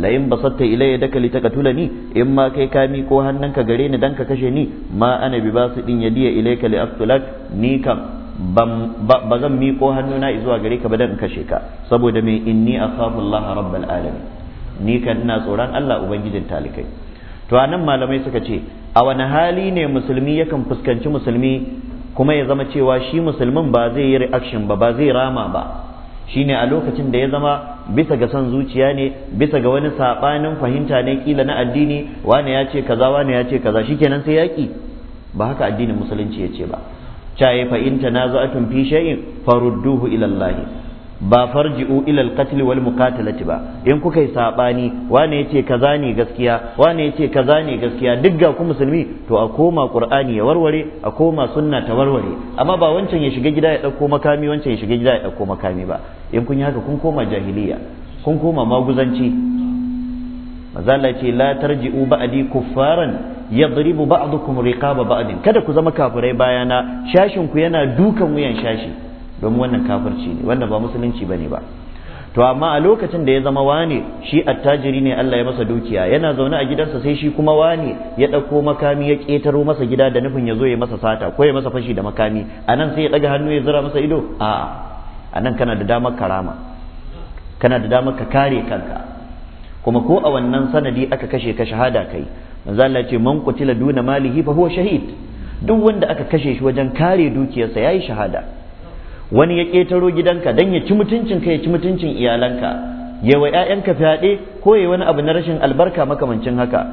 Speaker 1: layin basatta ilayya daka litakatula ni in ma kai kami ko hannunka gare ni dan ka kashe ni ma ana bi basu din yadiya ilayka li aftulak ni kam ba zan miƙo hannuna zuwa gare ka ba dan kashe ka saboda mai inni akhafu Allah rabbal alamin ni kan ina tsoron Allah ubangijin talikai to anan malamai suka ce a wani hali ne musulmi yakan fuskanci musulmi kuma ya zama cewa shi musulmin ba zai yi reaction ba ba zai rama ba shine a lokacin da ya zama bisa ga son zuciya ne bisa ga wani saɓanin fahimta ne kila na addini wane ya ce kaza wane ya ce kaza shikenan sai yaki ba haka addinin musulunci ya ce ba caye fa na tanaza'tum fi shay'in farudduhu ila Allah ba farji'u ilal al-qatl wal muqatalati ba in kuka yi sabani wane yace kaza ne gaskiya wane yace kaza ne gaskiya duk ga ku musulmi to a koma qur'ani ya warware a koma sunna ta warware amma ba wancan ya shiga gida ya dauko makami wancan ya shiga gida ya dauko makami ba in kun yi haka kun koma jahiliya kun koma maguzanci mazala ce la tarji'u ba'di kuffaran yadribu ba'dukum riqaba ba'din kada ku zama kafirai bayana shashin ku yana dukan wuyan shashi domin wannan kafirci ne wanda ba musulunci ne ba to amma a lokacin da ya zama wane shi attajiri ne Allah ya masa dukiya yana zaune a gidansa sai shi kuma wane ya ɗauko makami ya ƙetaro masa gida da nufin ya zo ya masa sata ko ya masa fashi da makami anan sai ya ɗaga hannu ya zira masa ido a'a anan kana da damar karama kana da damar ka kare kanka kuma ko a wannan sanadi aka kashe ka shahada kai manzo Allah ce man qutila duna malihi fa huwa shahid duk wanda aka kashe shi wajen kare dukiyarsa yayi shahada wani ya ketaro gidanka dan ya ci mutuncin ka ya ci mutuncin iyalanka ya wa ƴaƴanka fyaɗe ko ya wani abu na rashin albarka makamancin haka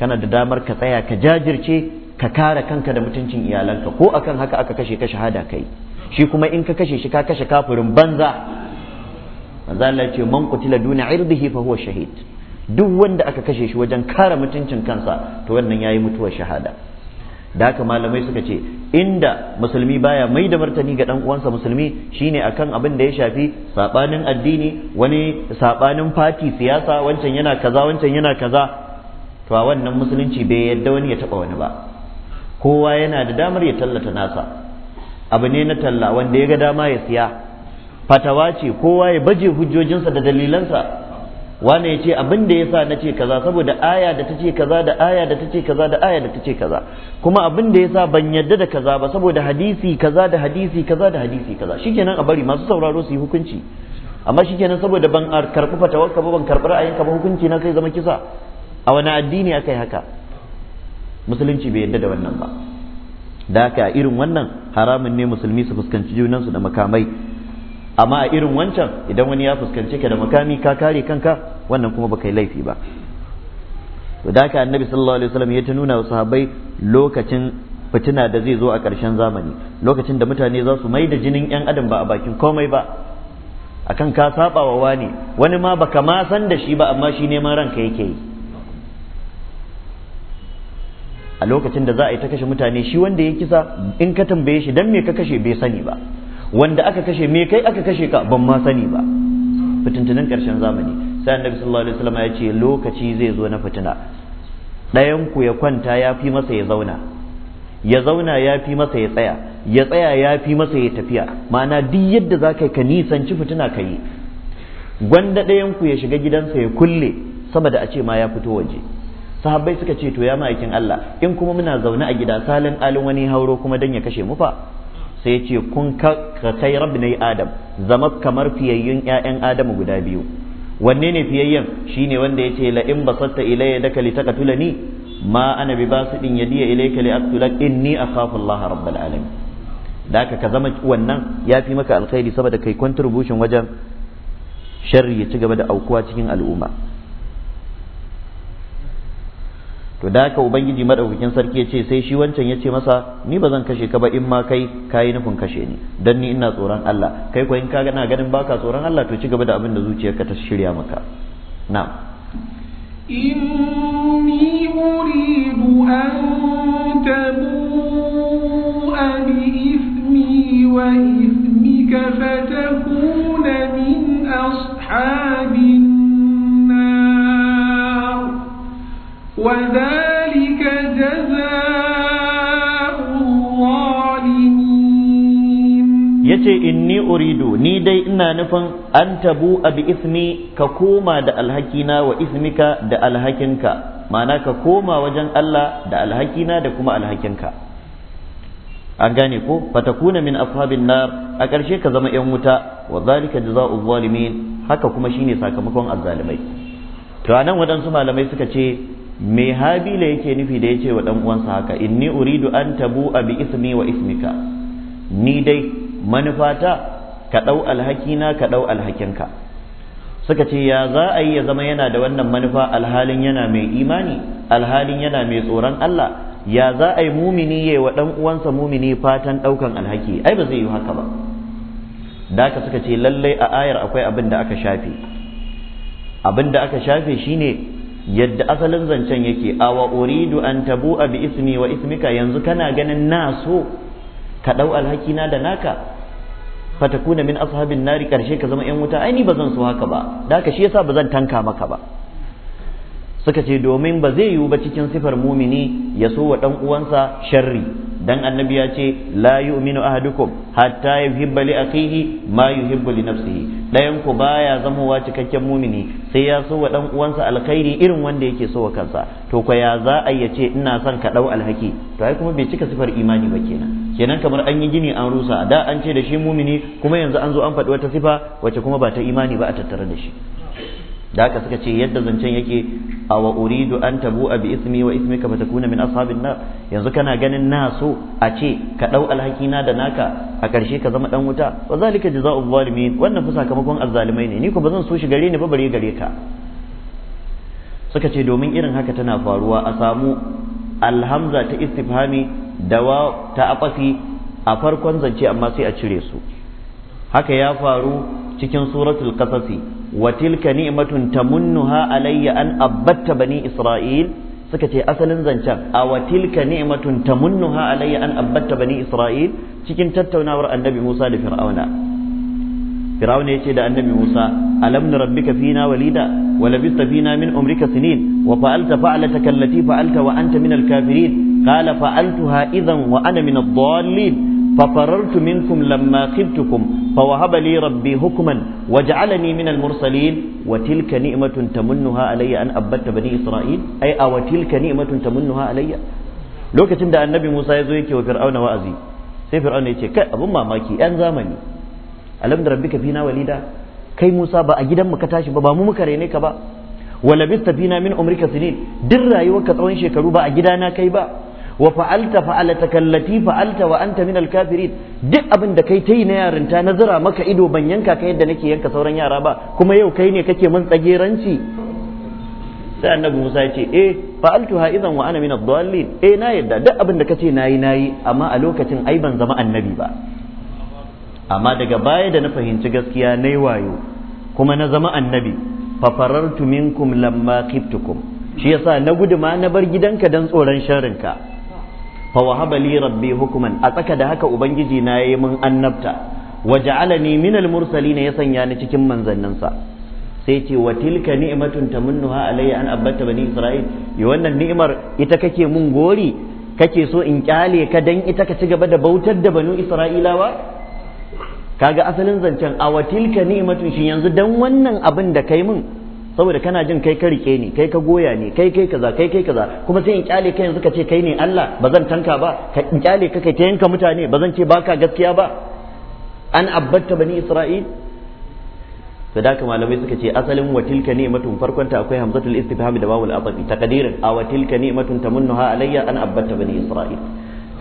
Speaker 1: kana da damar ka tsaya ka jajirce ka kare kanka da mutuncin iyalanka ko akan haka aka kashe ka shahada kai shi kuma in ka kashe shi ka kashe kafirin banza manzo Allah ce man kutila duna irdihi fa huwa shahid duk wanda aka kashe shi wajen kare mutuncin kansa to wannan yayi mutuwar shahada da haka malamai suka ce inda musulmi baya mai da martani ga dan uwansa musulmi shine akan abin da ya shafi sabanin addini wani sabanin fati siyasa wancan yana kaza wancan yana kaza to a wannan musulunci bai yadda wani ya taba wani ba kowa yana da damar ya tallata nasa abu ne na talla wanda ya ga dama ya siya fatawa ce kowa ya baje hujjojinsa da dalilansa wane ya ce abin da yasa na ce kaza saboda aya da ta ce kaza da aya da ta ce kaza da aya da ta ce kaza kuma abin da yasa ban yadda da kaza ba saboda hadisi kaza da hadisi kaza da hadisi kaza shikenan a bari masu sauraro su yi hukunci amma shikenan saboda ban karɓi ka ba ban karɓi ka ba hukunci na kai zama kisa a wani addini akai haka musulunci bai yadda da wannan ba da haka irin wannan haramun ne musulmi su fuskanci junansu da makamai amma a irin wancan idan wani ya fuskanci ka da makami ka kare kanka wannan kuma baka yi laifi ba to da annabi sallallahu alaihi wasallam ya ta nuna wa sahabbai lokacin fitina da zai zo a ƙarshen zamani lokacin da mutane za su mai da jinin yan adam ba a bakin komai ba akan ka saba wa wani wani ma baka ma san da shi ba amma shi neman ranka yake yi a lokacin da za a yi ta kashe mutane shi wanda ya kisa in ka tambaye shi dan me ka kashe bai sani ba wanda aka kashe me kai aka kashe ka ban ma sani ba fitintunan karshen zamani sai annabi sallallahu alaihi wasallam ya ce lokaci zai zo na fitina ɗayan ku ya kwanta ya fi masa ya zauna ya zauna ya fi masa ya tsaya ya tsaya ya fi masa ya tafiya ma'ana duk yadda za ka ka nisanci fitina ka yi gwanda ɗayan ku ya shiga gidansa ya kulle saboda a ce ma ya fito waje sahabbai suka ce to ya ma'aikin Allah in kuma muna zaune a gida salin alin wani hauro kuma dan ya kashe mu fa sai ce kun ka kai rabbi adam zama kamar fiyayyun ƴaƴan adamu guda biyu wanne ne fiyayyen shine wanda yace la in basatta ilayya daka litaqtulani ma ana bi basidin yadiya ilayka li aqtulak inni akhafu Allah rabbul alamin da ka zama wannan ya fi maka alkhairi saboda kai contribution wajen sharri ya ci gaba da aukuwa cikin al'umma to da haka ubangiji madaukakin sarki ya ce sai shi wancan ya ce masa ni ba zan kashe ka ba in ma kai kayi nufin kashe ni dan ni ina tsoron Allah kai ko in ka na ganin baka tsoron Allah to ci gaba da abin da zuciyarka ta shirya maka Na.
Speaker 2: inni uridu an tabu bi ismi wa ismika fatakuna min ashabi وذلك جزاء ni
Speaker 1: yace inni uridu ni dai ina nufin an tabu abi ismi ka koma da alhakina wa ismika da alhakinka ma'ana ka koma wajen Allah da alhakina da kuma alhakinka an gane ko fatakuna min ashabin nar a ƙarshe ka zama yan wuta wa zalika jazaa'u zalimin haka kuma shine sakamakon azzalimai to anan waɗansu malamai suka ce me habila yake nufi da yace wa dan uwansa haka inni uridu an tabu bi ismi wa ismika ni dai manufata ka dau alhakina ka dau alhakinka suka ce ya za a yi ya zama yana da wannan manufa alhalin yana mai imani alhalin yana mai tsoron Allah ya za a yi mumini ya wa dan uwansa mumini fatan ɗaukan alhaki ai ba zai yi haka ba da aka suka ce lallai a ayar akwai abin da aka shafe abin da aka shafe shine yadda asalin zancen yake awa uridu an tabu'a bi ismi wa ismika yanzu kana ganin na so ka ɗau alhaki na da naka fatakuna min ashabin nari karshe ka zama yan wuta Aini ni bazan so haka ba da haka shi yasa bazan tanka maka ba suka ce domin ba zai yiwu ba cikin siffar mumini ya so wa dan uwansa sharri dan annabi ya ce la yu'minu ahadukum hatta yuhibba li akhihi ma yuhibbu li nafsihi dayan ku baya zamowa cikakken mumini sai ya so wa dan uwansa alkhairi irin wanda yake so wa kansa to ko ya za a ya ce ina son ka dau alhaki to ai kuma bai cika sifar imani ba kenan kenan kamar an yi gini an rusa da an ce da shi mumini kuma yanzu an zo an faɗi wata sifa wacce kuma ba ta imani ba a tattare da shi da haka suka ce yadda zancen yake a wa uridu an tabu bi ismi wa ismika kuna min ashabin na yanzu kana ganin na so a ce ka dau na da naka a karshe ka zama ɗan wuta wa zalika jazaa'u zalimin wannan fa sakamakon azzalimai ne ni ko zan so shi gare ni ba bare gare ka suka ce domin irin haka tana faruwa a samu alhamza ta istifhami da wa ta afafi a farkon zance amma sai a cire su haka ya faru cikin suratul qasasi wa tilka ni'matun tamunnuha alayya an abbatta bani isra'il suka ce asalin zancen a wa tilka ni'matun tamunnuha alayya an abbatta bani isra'il cikin tattaunawar annabi Musa da Fir'auna ya ce da annabi Musa alam rabbika fina walida wa labista fina min umrika sinin wa fa'alta fa'lataka allati fa'alta wa anta min al-kafirin qala fa'altuha idhan wa ana min ad-dallin ففررت منكم لما خبتكم فوهب لي ربي حكما وجعلني من المرسلين وتلك نعمة تمنها علي أن أبت بني إسرائيل أي أو تلك نعمة تمنها علي لو كتم النبي موسى يزويك وفرعون وأزي sai fir'aun ya ce kai abun mamaki yan zamani alam da rabbika walida kai musa ba a gidanmu ka tashi ba ba mu muka rene ka ba Walabis bista fina min umrika sinin duk rayuwarka tsawon shekaru ba a na kai ba wa fa'alta fa'alataka allati fa'alta wa anta minal kafirin duk abin da kai tayi na yarinta na zira maka ido ban yanka ka yadda nake yanka sauran yara ba kuma yau kai ne kake mun tsageranci sai annabi Musa ya ce eh fa'altuha idan wa ana min ad-dallin eh na yadda duk abin da kace nayi nayi amma a lokacin ai ban zama annabi ba amma daga baya da na fahimci gaskiya nayi wayo kuma na zama annabi fa farartu minkum lamma khiftukum shi yasa na gudu ma na bar gidanka dan tsoron sharrinka fa wahaba li rabbi hukman a tsaka da haka ubangiji na yayi mun annabta wa ja'alani minal mursalin ya sanya ni cikin manzanninsa sai ce wa tilka ni'matun tamunnuha alayya an abbata bani isra'il yi wannan ni'imar ita kake mun gori kake so in kyale ka dan ita ka ci gaba da bautar da banu isra'ilawa kaga asalin zancen a wa tilka ni'matun shi yanzu dan wannan abin da kai mun saboda kana jin kai ka rike ni kai ka goya ni kai kai kaza kai kai kaza kuma sai in kyale kai yanzu ka ce kai ne Allah ba zan tanka ba ka in kyale ka kai ta yanka mutane ba zan ce baka gaskiya ba an abbatta bani isra'il to da malamai suka ce asalin wa tilka ni'matun farkon ta akwai hamzatul istifham da babul atafi taqdirin aw tilka ni'matun tamunnuha alayya an abbatta bani isra'il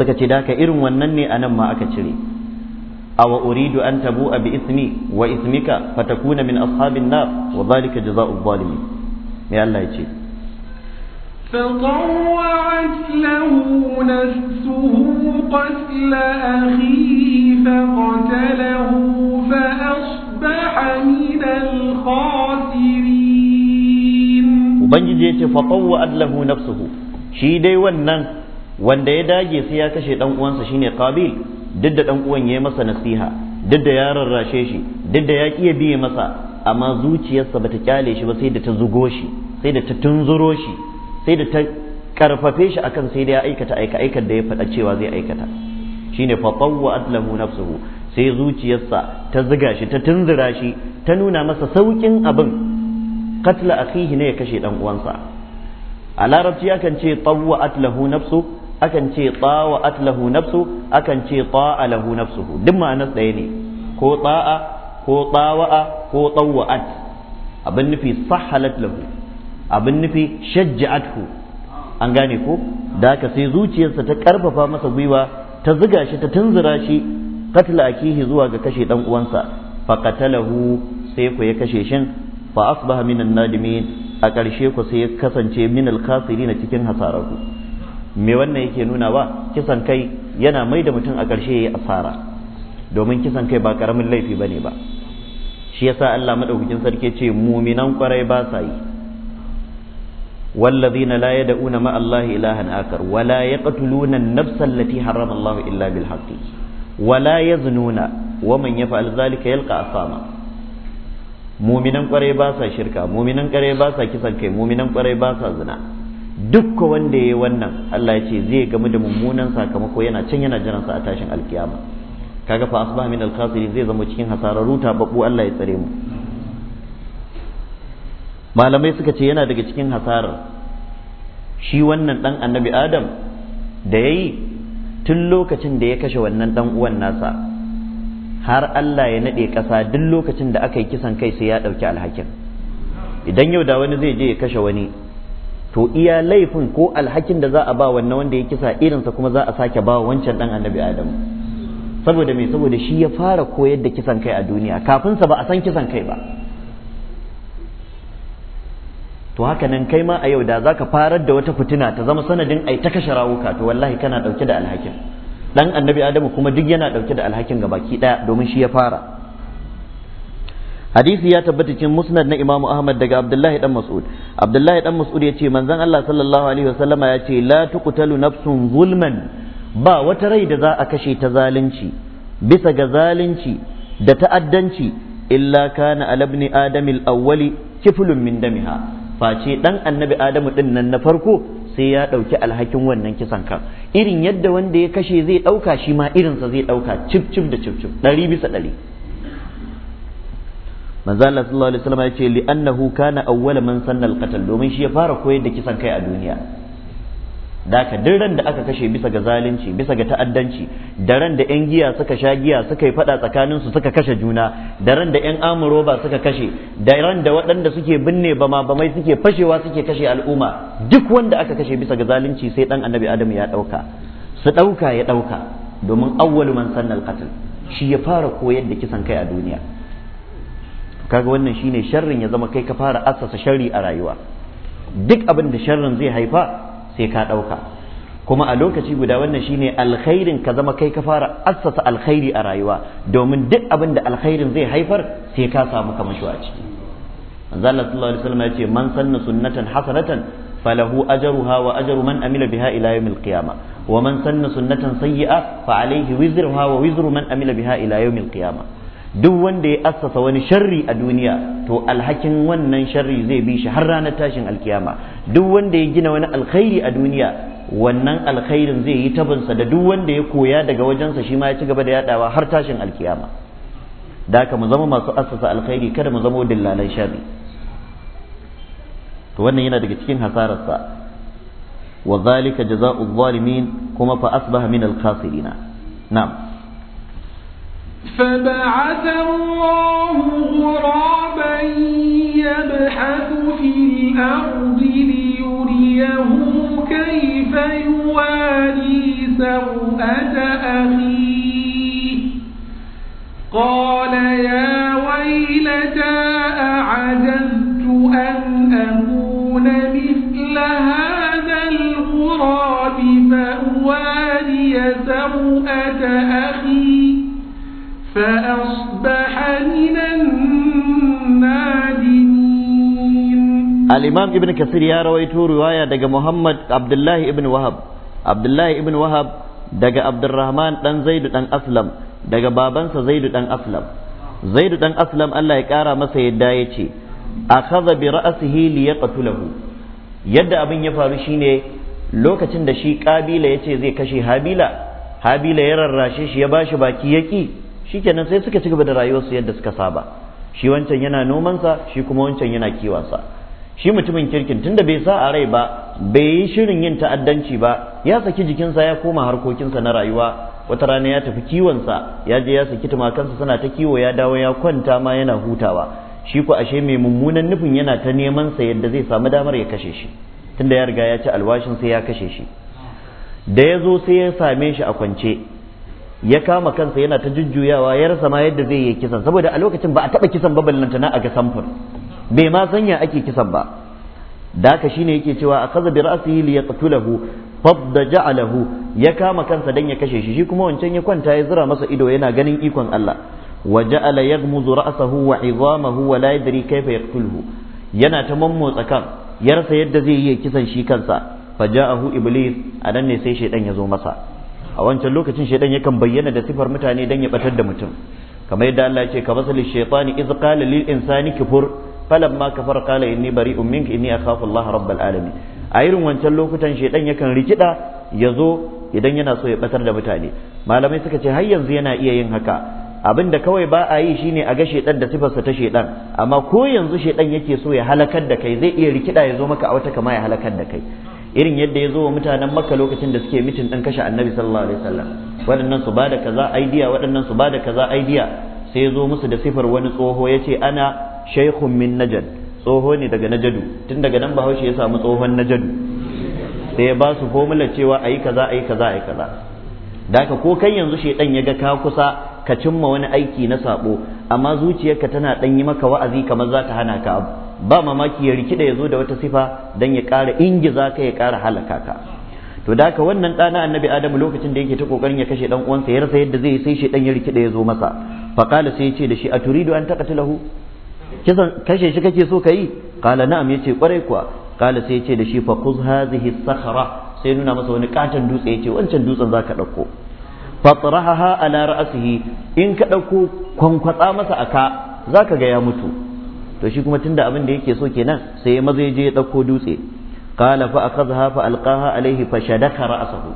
Speaker 1: suka ce da irin wannan ne anan ma aka cire A wa aw uridu an tabu'a bi ismi wa ismika fatakuna min ashabin na wa dhalika jazaa'u zalimin me Allah yace
Speaker 2: فطوعت له نفسه قتل أخيه فقتله فأصبح من الخاسرين
Speaker 1: وبنجي يتي فطوعت له نفسه shi dai wannan wanda ya dage sai ya kashe dan uwansa shine qabil duk da dan uwan yayi masa nasiha duk da ya rarrashe shi duk da ya kiya biye masa amma zuciyarsa bata kyale shi ba sai da ta zugo shi sai da ta tunzuro shi sai da ta karfafe shi akan sai da ya aikata aika aikar da ya faɗa cewa zai aikata shine fa tawwa atlahu nafsuhu sai zuciyarsa ta ziga shi ta tunzura shi ta nuna masa saukin abin katla akhihi ne ya kashe dan uwansa a larabci yakan ce tawwa atlahu nafsuhu akan ce tawa atlahu nafsu akan ce ta'a lahu nafsuhu duk ma'anar ɗaya ne ko ta'a ko tawa'a ko tawwa'at abin nufi sahalat lahu abin nufi shajja'athu an gane ko da haka sai zuciyarsa ta karfafa masa gwiwa ta ziga shi ta tunzura shi katla akihi zuwa ga kashe dan uwansa fa qatalahu sai ku ya kashe shin fa asbaha minan nadimin a ƙarshe ku sai ya kasance minal khasirin cikin hasararku me wannan yake nuna wa kisan kai yana mai da mutum a ƙarshe ya yi asara domin kisan kai ba ƙaramin laifi ba ne ba shi yasa Allah maɗaukakin sarki ce muminan ƙwarai ba sa yi wallazina la yad'una ma Allah ilahan akar wa la yaqtuluna an-nafsa allati harrama Allah illa bil haqqi wa la yaznuna wa man yaf'al dhalika yalqa asama muminan ƙwarai ba sa shirka muminan ƙwarai ba sa kisan kai muminan kwarai ba sa zina Duk wanda ya yi wannan Allah ya ce zai gamu da mummunan sakamako yana can yana jiransa a tashin alkiyama kaga fa asbah min alkhasiri zai zama cikin ruta babu Allah ya tsare mu malamai suka ce yana daga cikin hasarar shi wannan dan annabi adam da yayi tun lokacin da ya kashe wannan dan uwan nasa har Allah ya nade kasa duk lokacin da aka yi kisan kai sai ya ɗauki alhakin idan yau da wani zai je ya kashe wani to iya laifin ko alhakin da za a ba wannan wanda ya kisa irinsa kuma za a sake ba wancan dan annabi adamu saboda me saboda shi ya fara koyar da kisan kai a duniya kafin sa ba a san kisan kai ba to haka nan kai ma a yau da zaka farar da wata fitina ta zama sanadin ai ta kashe rawuka to wallahi kana dauke da alhakin dan annabi adamu kuma duk yana dauke da alhakin gabaki daya domin shi ya fara hadisi ya tabbata cikin musnad na imamu ahmad daga abdullahi dan mas'ud abdullahi dan mas'ud ya ce manzon allah sallallahu alaihi wasallama ya ce la tuqtalu nafsun zulman ba wata rai da za a kashe ta zalunci bisa ga zalunci da ta'addanci illa kana alabni adamil awwali kiflun min damiha face dan annabi adamu din nan na farko sai ya ɗauki alhakin wannan kisan kan irin yadda wanda ya kashe zai ɗauka shi ma irinsa zai ɗauka cif cif da cif cif ɗari bisa ɗari manzo Allah sallallahu alaihi wasallam yace li annahu kana awwala man sanna al-qatl domin shi ya fara koyar da kisan kai a duniya da ka ran da aka kashe bisa ga zalunci bisa ga ta'addanci da ran da yan giya suka sha giya suka yi fada tsakanin su suka kashe juna da ran da yan ba suka kashe da ran da waɗanda suke binne bama bamai suke fashewa suke kashe al'umma duk wanda aka kashe bisa ga zalunci sai dan annabi adam ya ɗauka su ɗauka ya ɗauka domin awwalu man sanna al shi ya fara koyar da kisan kai a duniya kaga wannan shine sharrin ya zama kai ka fara assasa sharri a rayuwa duk abin da sharrin zai haifa sai ka ɗauka kuma a lokaci guda wannan shine alkhairin ka zama kai ka fara assasa alkhairi a rayuwa domin duk abin da alkhairin zai haifar sai ka samu kamar shi a ciki manzo sallallahu alaihi wasallam ya ce man sanna sunnatan hasanatan falahu ajruha wa ajru man amila biha ila yawmil qiyamah wa man sanna sunnatan sayyi'a fa alayhi wizruha wa wizru man amila biha ila yawmil qiyamah duk wanda ya assasa wani sharri a duniya to alhakin wannan sharri zai bi shi har ranar tashin alkiyama duk wanda ya gina wani alkhairi a duniya wannan alkhairin zai yi tabinsa da duk wanda ya koya daga wajensa shi ma ya ci gaba da yadawa har tashin alkiyama da haka mu zama masu assasa alkhairi kada mu zama dillalan sharri to wannan yana daga cikin hasararsa وذلك kuma fa كما فأصبح al الخاسرين نعم
Speaker 2: فبعث الله غرابا يبحث في الأرض ليبحث
Speaker 1: al-imam ibn kasir ya rawaito riwaya daga muhammad abdullahi ibn wahab abdullahi ibn wahab daga abdurrahman dan zaidu dan aslam daga babansa zaidu dan aslam zaidu dan aslam Allah ya kara masa yadda ya ce akhadha bi ra'sihi li yaqtulahu yadda abin ya faru shine lokacin da shi kabila yace zai kashe habila habila ya rarrashe shi ya bashi baki yaki shikenan sai suka ci gaba da su yadda suka saba shi wancan yana nomansa shi kuma wancan yana kiwansa. shi mutumin kirkin tunda bai sa a rai ba bai yi shirin yin ta'addanci ba ya saki jikinsa ya koma harkokinsa na rayuwa wata rana ya tafi kiwonsa ya je ya saki tumakansa suna ta kiwo ya dawo ya kwanta ma yana hutawa shi ko ashe mai mummunan nufin yana ta neman sa yadda zai samu damar ya kashe shi tunda ya riga ya ci alwashin sai ya kashe shi da ya zo sai ya same shi a kwance ya kama kansa yana ta jujjuyawa ya rasa ma yadda zai yi kisan saboda a lokacin ba a taba kisan baballanta na a ga samfur bai ma sanya ake kisan ba da haka shine yake cewa akaza bi ra'sihi li yaqtulahu fadda ja'alahu ya kama kansa dan ya kashe shi shi kuma wancan ya kwanta ya zura masa ido yana ganin ikon Allah wa ja'ala yaghmuzu ra'sahu wa 'idhamahu wa la yadri kayfa yaqtulhu yana ta mammotsa kan ya rasa yadda zai yi kisan shi kansa fa ja'ahu iblis a nan ne sai shaidan ya zo masa a wancan lokacin shaidan yakan bayyana da sifar mutane dan ya batar da mutum kamar yadda Allah ya ce ka basali shaytani iz qala lil insani kufur falamma kafara kala inni bari minka inni akhafu Allah rabbal alami a irin wancan lokutan shaiɗan yakan rikida ya zo idan yana so ya batar da mutane malamai suka ce har yanzu yana iya yin haka abin da kawai ba a yi shine a ga shedan da sifarsa ta shaiɗan amma ko yanzu shaiɗan yake so ya halakar da kai zai iya rikida ya zo maka a wata kama ya halakar da kai irin yadda ya zo wa mutanen makka lokacin da suke mitin din kashe annabi sallallahu alaihi wasallam waɗannan su bada kaza aidiya waɗannan su bada kaza aidiya sai ya zo musu da sifar wani tsoho ya ce ana shaykhun min najad tsoho ne daga najadu tun daga nan bahaushe ya samu tsohon najadu sai ya ba su formula cewa ayi kaza ayi kaza ayi kaza da ka ko kai yanzu shedan ya ga ka kusa ka cimma wani aiki na sabo amma zuciyarka tana dan yi maka wa'azi kamar za ta hana ka abu ba mamaki ya rikida ya zo da wata sifa dan ya ƙara ingiza ka ya ƙara halaka ka to da haka wannan ɗana annabi adamu lokacin da yake ta kokarin ya kashe dan uwansa ya rasa yadda zai sai shi dan ya rikida ya zo masa faqala sai ya ce da shi aturidu an taqatulahu kisan kashe shi kake so ka yi kala na'am yace kwarai kuwa kala sai yace da shi fa khuz hadhihi sakhra sai nuna masa wani katon dutse yace wancan dutsen zaka dauko fatrahaha ala ra'sihi in ka dauko kwankwatsa masa aka zaka ga ya mutu to shi kuma tunda abin da yake so kenan sai ya maza je ya dauko dutse kala fa akhadha fa alqaha alaihi fa shadaka ra'sahu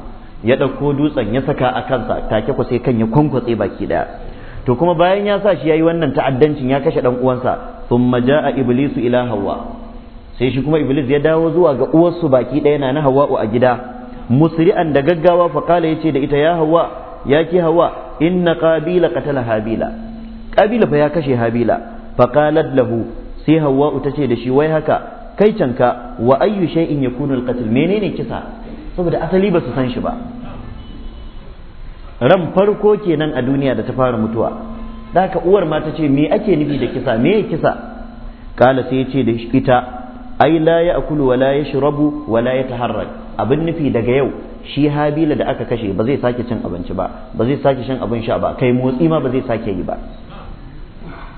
Speaker 1: ya dauko dutsen ya saka a kansa take ko sai kan ya kwankwatse baki daya to kuma bayan ya sa shi yayi wannan ta'addancin ya kashe dan uwansa thumma jaa iblisu ila hawa sai shi kuma iblis ya dawo zuwa ga uwarsu baki ɗaya na na hawa'u a gida musri'an da gaggawa fa kala yace da ita ya hawa ya ki hawa inna qabila qatala habila qabila fa ya kashe habila fa qalat lahu sai hawa'u tace da shi wai haka kai canka wa ayyu shay'in yakunu alqatl Mene menene kisa saboda asali ba su san shi ba ran farko kenan a duniya da ta fara mutuwa da haka uwar ma ta ce me ake nufi da kisa me kisa kala sai ya ce da ita ai la ya akulu wala ya shirabu wala ya taharrak abin nufi daga yau shi habila da aka kashe ba zai sake cin abinci ba ba zai sake shan abin sha ba kai motsi ma ba zai sake yi ba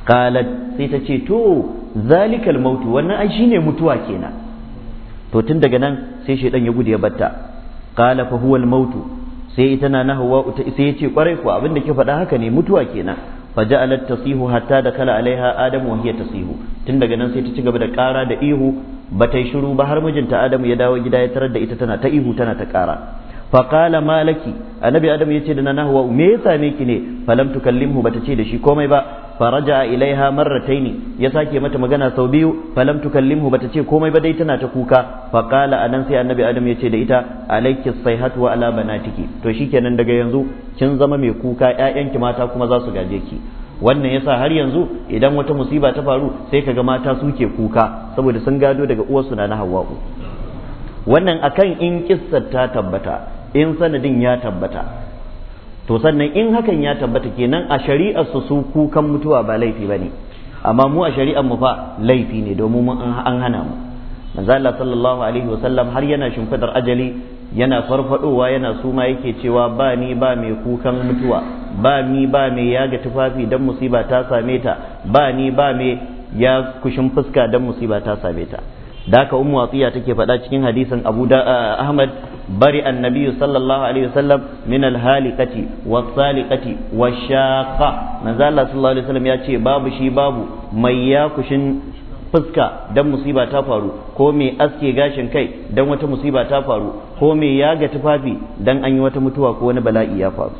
Speaker 1: Kala sai ta ce to zalikal mautu wannan ai shine mutuwa kenan to tun daga nan sai shaidan ya gudu ya batta kala fa huwa al mautu sai ita na nahwa sai ce kwarai ko abin da ki faɗa haka ne mutuwa kenan ja'alat tasihu hatta da kala alaiha adamu wa hiya tasihu tun daga nan sai ta ci gaba da kara da ihu ba ta yi shiru ba har mijinta adamu ya dawo gida ya tarar da ita tana ta ihu tana ta kara. Faƙala malaki annabi adam ce da nana huwa me ya same ki ne falam tukallimhu bata ce da shi komai ba faraja ilaiha marrataini ya sake mata magana sau biyu falam tukallimhu bata ce komai ba dai tana ta kuka a nan sai annabi adam ce da ita sai sayhatu wa ala banatiki to shikenan daga yanzu kin zama mai kuka ƴaƴanki mata kuma za su gaje ki wannan yasa har yanzu idan wata musiba ta faru sai kaga mata suke kuka saboda sun gado daga uwarsu na na hawa'u wannan akan in kissar ta tabbata in sanadin ya tabbata to sannan in hakan ya tabbata kenan a shari'ar su su kukan mutuwa ba laifi ba ne, amma mu a shari'ar mu fa laifi ne domin an hana mu manzo Allah sallallahu alaihi wasallam har yana shimfidar ajali yana farfadowa yana suma yake cewa ba ni ba mai kukan mutuwa ba ni ba mai yaga tufafi dan musiba ta same ta ba ni ba mai ya kushin fuska dan musiba ta same ta da haka ummu atiya take faɗa cikin hadisin abu da eh, ahmad bari annabi sallallahu alaihi wasallam min alhaliqati wasaliqati washaqa manzo Allah sallallahu alaihi wasallam ya ce babu shi babu mai yakushin fuska dan musiba ta faru ko mai aske gashin kai dan wata musiba ta faru ko mai yaga tufafi dan an yi wata mutuwa ko wani bala'i ya faru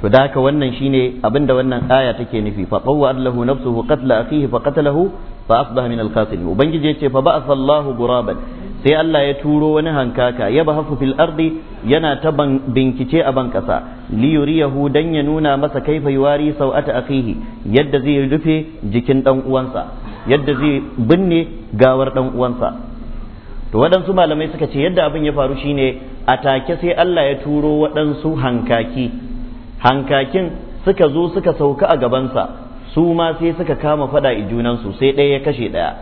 Speaker 1: to da haka wannan shine abinda wannan aya take nufi fa qawwa lahu nafsuhu qatla akhihi fa qatalahu fa asbaha min al-khasirin ubangiji yace fa ba'atha Allahu guraban sai Allah ya turo wani hankaka ya bahafu fil ardi yana ta bincike a ban kasa li yuriyahu dan ya nuna masa kaifa yuwari sau'ata akhihi yadda zai rufe jikin dan uwansa yadda zai binne gawar dan uwansa to waɗansu malamai suka ce yadda abin ya faru shine a take sai Allah ya turo waɗansu hankaki hankakin suka zo suka sauka a gabansa su ma sai suka kama fada i junansu sai ɗaya ya kashe ɗaya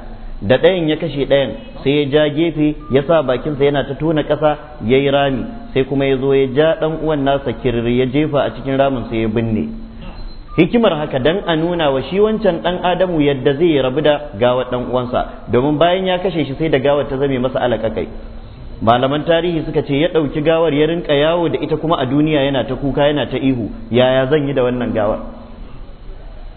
Speaker 1: da ɗayan ya kashe ɗayan sai ya ja gefe ya sa bakinsa yana ta tona ƙasa ya yi rami sai kuma ya zo ya ja ɗan uwan nasa kirri ya jefa a cikin ramin sai ya binne hikimar haka dan a nuna wa shi wancan ɗan adamu yadda zai rabu da gawar ɗan uwansa domin bayan ya kashe shi sai da gawar ta zame masa kai. malaman tarihi suka ce ya ɗauki gawar ya rinka yawo da ita kuma a duniya yana ta kuka yana ta ihu yaya zan yi da wannan gawar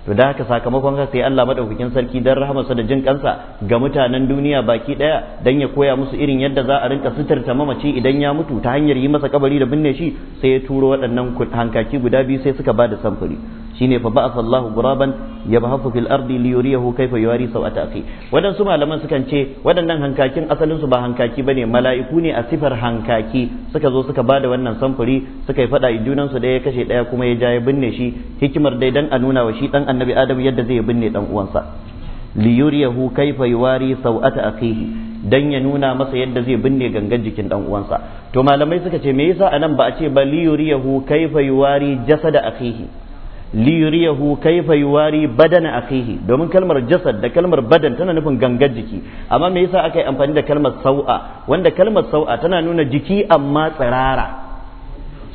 Speaker 1: to da haka sakamakon haka sai Allah madaukakin sarki dan rahamarsa da jin kansa ga mutanen duniya baki daya dan ya koya musu irin yadda za a rinka suturta mamaci idan ya mutu ta hanyar yi masa kabari da binne shi sai ya turo waɗannan hankaki guda biyu sai suka bada samfuri shine fa ba'atha Allah guraban yabhathu fil ardi li yuriyahu kayfa yuwari sawata akhi su malaman sukan ce wadannan hankakin asalin su ba hankaki bane mala'iku ne a sifar hankaki suka zo suka bada wannan samfuri suka yi fada junan su da ya kashe daya kuma ya ja ya binne shi hikimar dai dan a nuna wa shi dan annabi adam yadda zai binne dan uwansa li yuriyahu kayfa yuwari sawata akhihi dan ya nuna masa yadda zai binne gangan jikin dan uwansa to malamai suka ce me yasa anan ba a ce ba li yuriyahu kayfa yuwari jasada akhihi liyuriyahu kaifa yuwari badana akhihi domin kalmar jasad da kalmar badan tana nufin gangar jiki amma me yasa aka yi amfani da kalmar sau'a wanda kalmar sau'a tana nuna jiki amma tsirara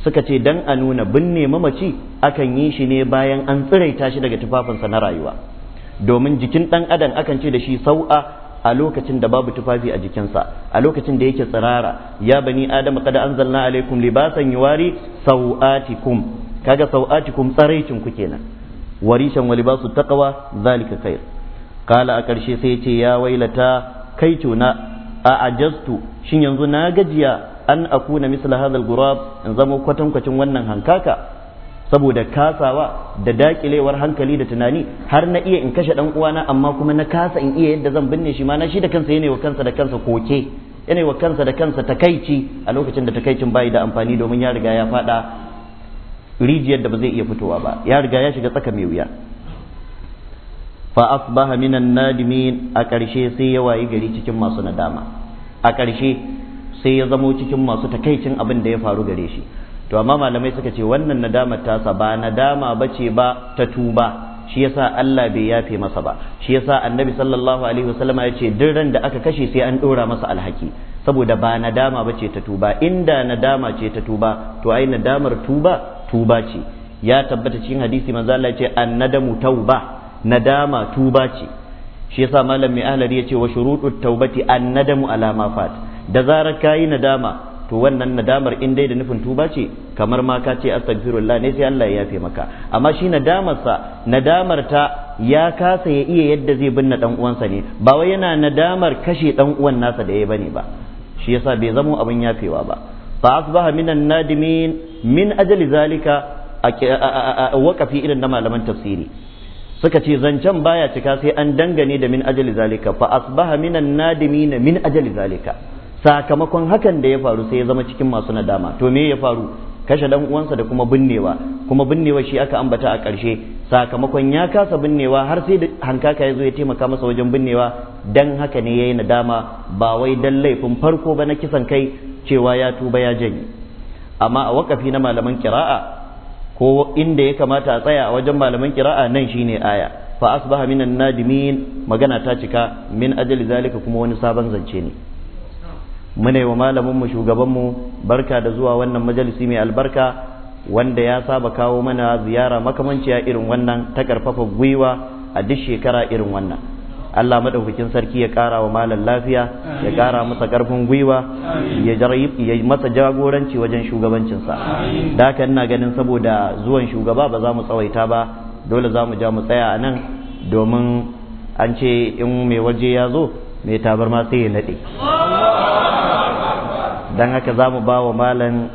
Speaker 1: suka ce dan a nuna binne mamaci akan yi shi ne bayan an tsiraita shi daga tufafinsa na rayuwa domin jikin dan adam akan ce da shi sau'a a lokacin da babu tufafi a jikinsa a lokacin da yake tsirara ya bani adam qad anzalna alaikum libasan yuwari sau'atikum kaga sau'atikum tsaraicin ku kenan warishan walibasu taqwa zalika khair kala a ƙarshe sai ya ce ya wailata kai na a ajastu shin yanzu na gajiya an akuna misla hadal gurab in zama kwatankwacin wannan hankaka saboda kasawa da dakilewar hankali da tunani har na iya in kashe dan uwana amma kuma na kasa in iya yadda zan binne shi ma na shi da kansa yana wa kansa da kansa koke yana wa kansa da kansa takaici a lokacin da takaicin bayi da amfani domin ya riga ya fada rijiyar da ba zai iya fitowa ba ya riga ya shiga tsaka mai wuya fa asbaha minan nadimin a ƙarshe sai ya wayi gari cikin masu nadama a ƙarshe sai ya zamo cikin masu takaicin abin da ya faru gare shi to amma malamai suka ce wannan nadamar tasa ba nadama bace ba ta tuba shi yasa Allah bai yafe masa ba shi yasa annabi sallallahu alaihi wasallama ya ce duk ran da aka kashe sai an ɗora masa alhaki saboda ba nadama bace ta tuba inda nadama ce ta tuba to ai nadamar tuba tuba ce ya tabbata cikin hadisi manzo Allah ya ce annadamu tauba nadama tuba ce shi yasa malam mai ahlari ya ce wa shurutut taubati annadamu ala ma fat da zarar kayi nadama to wannan nadamar in dai da nufin tuba ce kamar ma ka ce astaghfirullah ne sai Allah ya yafe maka amma shi nadamar sa nadamar ta ya kasa ya iya yadda zai binne dan uwansa ne ba wai yana nadamar kashe dan uwan nasa da yayi bane ba shi yasa bai zamo abin yafewa ba fa asbaha minan nadimin min ajali zalika waqafi irin na malaman tafsiri suka ce zancen baya cika sai an dangane da min ajali zalika fa asbaha minan nadimin min ajali zalika sakamakon hakan da ya faru sai ya zama cikin masu nadama to me ya faru kashe dan uwansa da kuma binnewa kuma binnewa shi aka ambata a ƙarshe sakamakon ya kasa binnewa har sai da hankaka ya zo ya taimaka masa wajen binnewa dan haka ne yayi nadama ba wai dan laifin farko ba na kisan kai cewa ya tuba ya janye amma a wakafi na malaman kira'a ko inda ya kamata a tsaya a wajen malaman kira'a nan shine aya fa asbaha minan nadimin magana ta cika min ajali zalika kuma wani sabon zance ne muna yi wa malamin mu shugaban mu barka da zuwa wannan majalisi mai albarka wanda ya saba kawo mana ziyara makamanciya irin wannan ta karfafa gwiwa a duk shekara irin wannan Allah madaukakin sarki ya kara wa malam lafiya ya kara masa karfin gwiwa ya ya masa jagoranci wajen shugabancinsa da ina ganin saboda zuwan shugaba ba za mu tsawaita ba dole za mu ja mu tsaya a nan domin an ce in mai waje ya zo mai tabarma sai ya naɗe dan haka za mu ba wa malam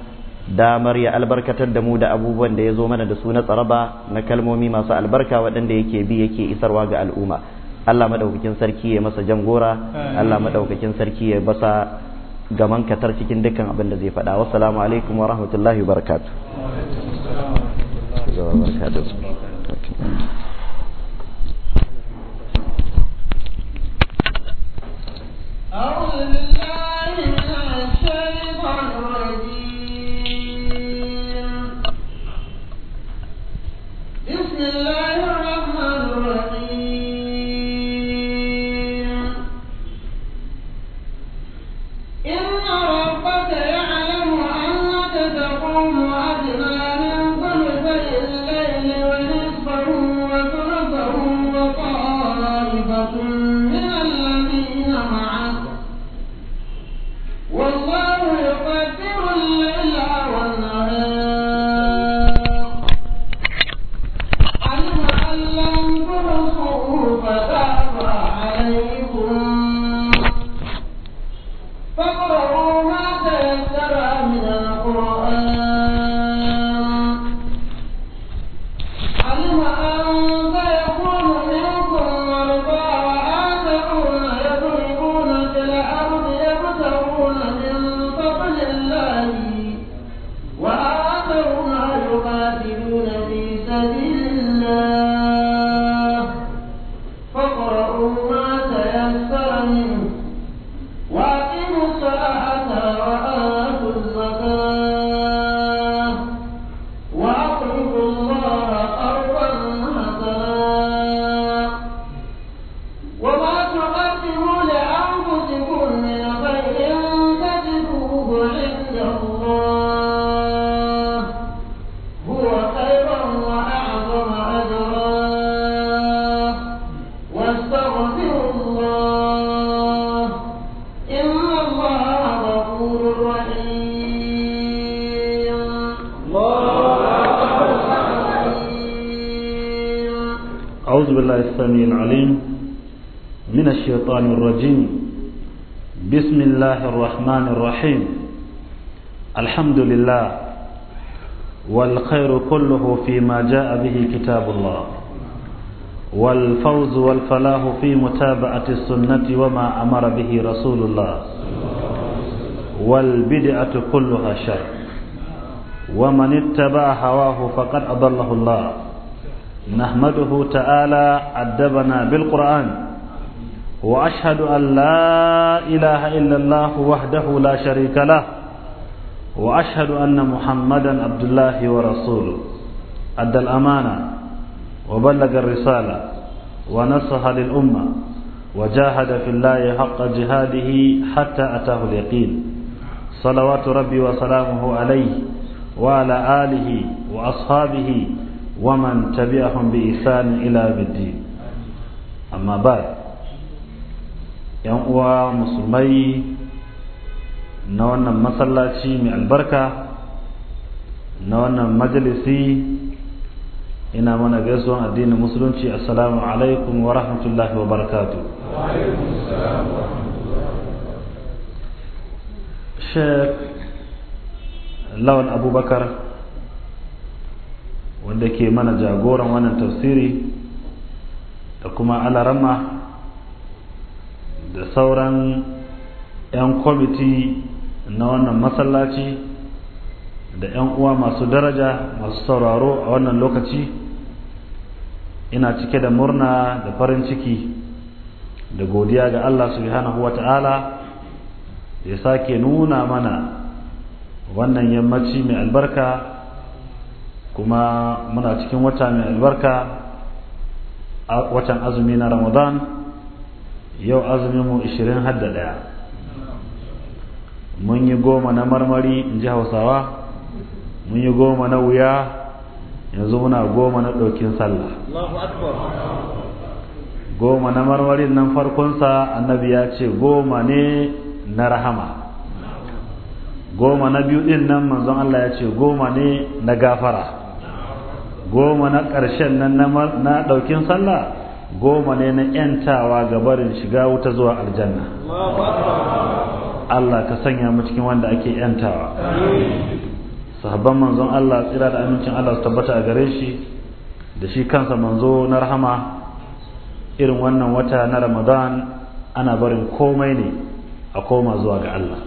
Speaker 1: damar ya albarkatar da mu da abubuwan da ya zo mana da su na tsaraba na kalmomi masu albarka waɗanda yake bi yake isarwa ga al'umma Allah madaukakin sarki ya masa jan gora Allah madaukakin sarki ya basa gaman katar cikin dukkan abin da zai faɗa wassalamu alaikum wa rahmatullahi wa barakatuh
Speaker 3: بسم الله الرحمن الرحيم
Speaker 4: الله والخير كله فيما جاء به كتاب الله والفوز والفلاح في متابعة السنة وما أمر به رسول الله والبدعة كلها شر ومن اتبع هواه فقد أضله الله نحمده تعالى أدبنا بالقرآن وأشهد أن لا إله إلا الله وحده لا شريك له وأشهد أن محمدا عبد الله ورسوله أدى الأمانة وبلغ الرسالة ونصح للأمة وجاهد في الله حق جهاده حتى أتاه اليقين صلوات ربي وسلامه عليه وعلى آله وأصحابه ومن تبعهم بإحسان إلى الدين أما بعد 'yan uwa na wannan masallaci mai albarka na wannan majalisi ina mana gaisuwan addinin musulunci assalamu alaikum wa rahmatullahi wa barakatu shek lawan abubakar wanda ke mana jagoran wannan tafsiri da kuma alarama da sauran 'yan kwamiti na wannan masallaci da 'yan uwa masu daraja masu sauraro a wannan lokaci ina cike da murna da farin ciki da godiya ga Allah subhanahu wata'ala ya sake nuna mana wannan yammaci mai albarka kuma muna cikin wata mai albarka watan azumi na ramadan yau azumin mu 20 da daya mun yi goma na marmari in ji hausawa mun yi goma na wuya yanzu muna goma na ɗaukin sallah goma na marmarin nan farkonsa annabi ya ce goma ne na rahama goma na biyu ɗin nan manzon Allah ya ce goma ne na gafara goma na ƙarshen nan na ɗaukin sallah goma ne na ‘yantawa ga barin shiga wuta zuwa
Speaker 5: aljanna
Speaker 4: Allah ka sanya mu cikin wanda ake yantawa sahabban manzon Allah tsira da amincin Allah su tabbata a gare shi da shi kansa manzo na rahama irin wannan wata na Ramadan ana barin komai ne a koma zuwa ga Allah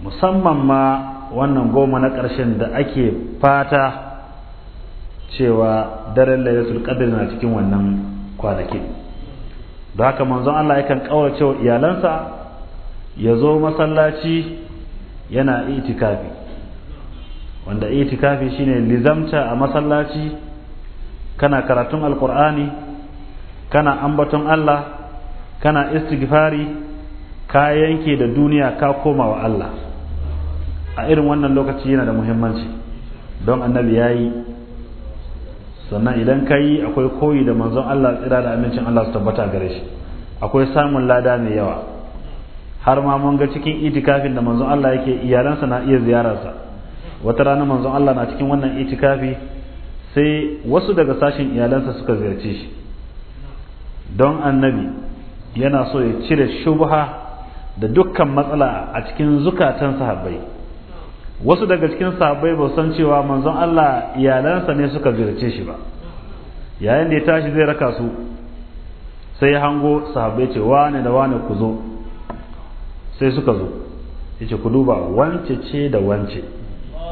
Speaker 4: musamman ma wannan goma na ƙarshen da ake fata cewa daren lailatul qadr na cikin wannan kwanakin da haka manzon Allah yakan kaurace wa iyalansa ya zo masallaci yana itikafi wanda itikafi shine lizamta a masallaci kana karatun alkur'ani kana ambaton Allah kana istighfari ka yanke da duniya ka koma wa Allah a irin wannan lokaci yana da muhimmanci don annabi ya yi sannan idan ka yi akwai koyi da manzon Allah tsira da amincin Allah su tabbata gare shi akwai samun lada mai yawa har ma mun ga cikin itikafin da manzon Allah yake iyalansa na iya ziyararsa wata rana manzon Allah na cikin wannan itikafi sai wasu daga sashen iyalansa suka ziyarce shi don annabi yana so ya cire shubha da dukkan matsala a cikin zukatan sahabbai wasu daga cikin sahabbai ba san cewa manzon Allah iyalansa ne suka ziyarce shi ba yayin da ya tashi zai raka su sai ya hango sahabbai ce wane da wane ku zo sai suka zo ce ku duba wance ce da wance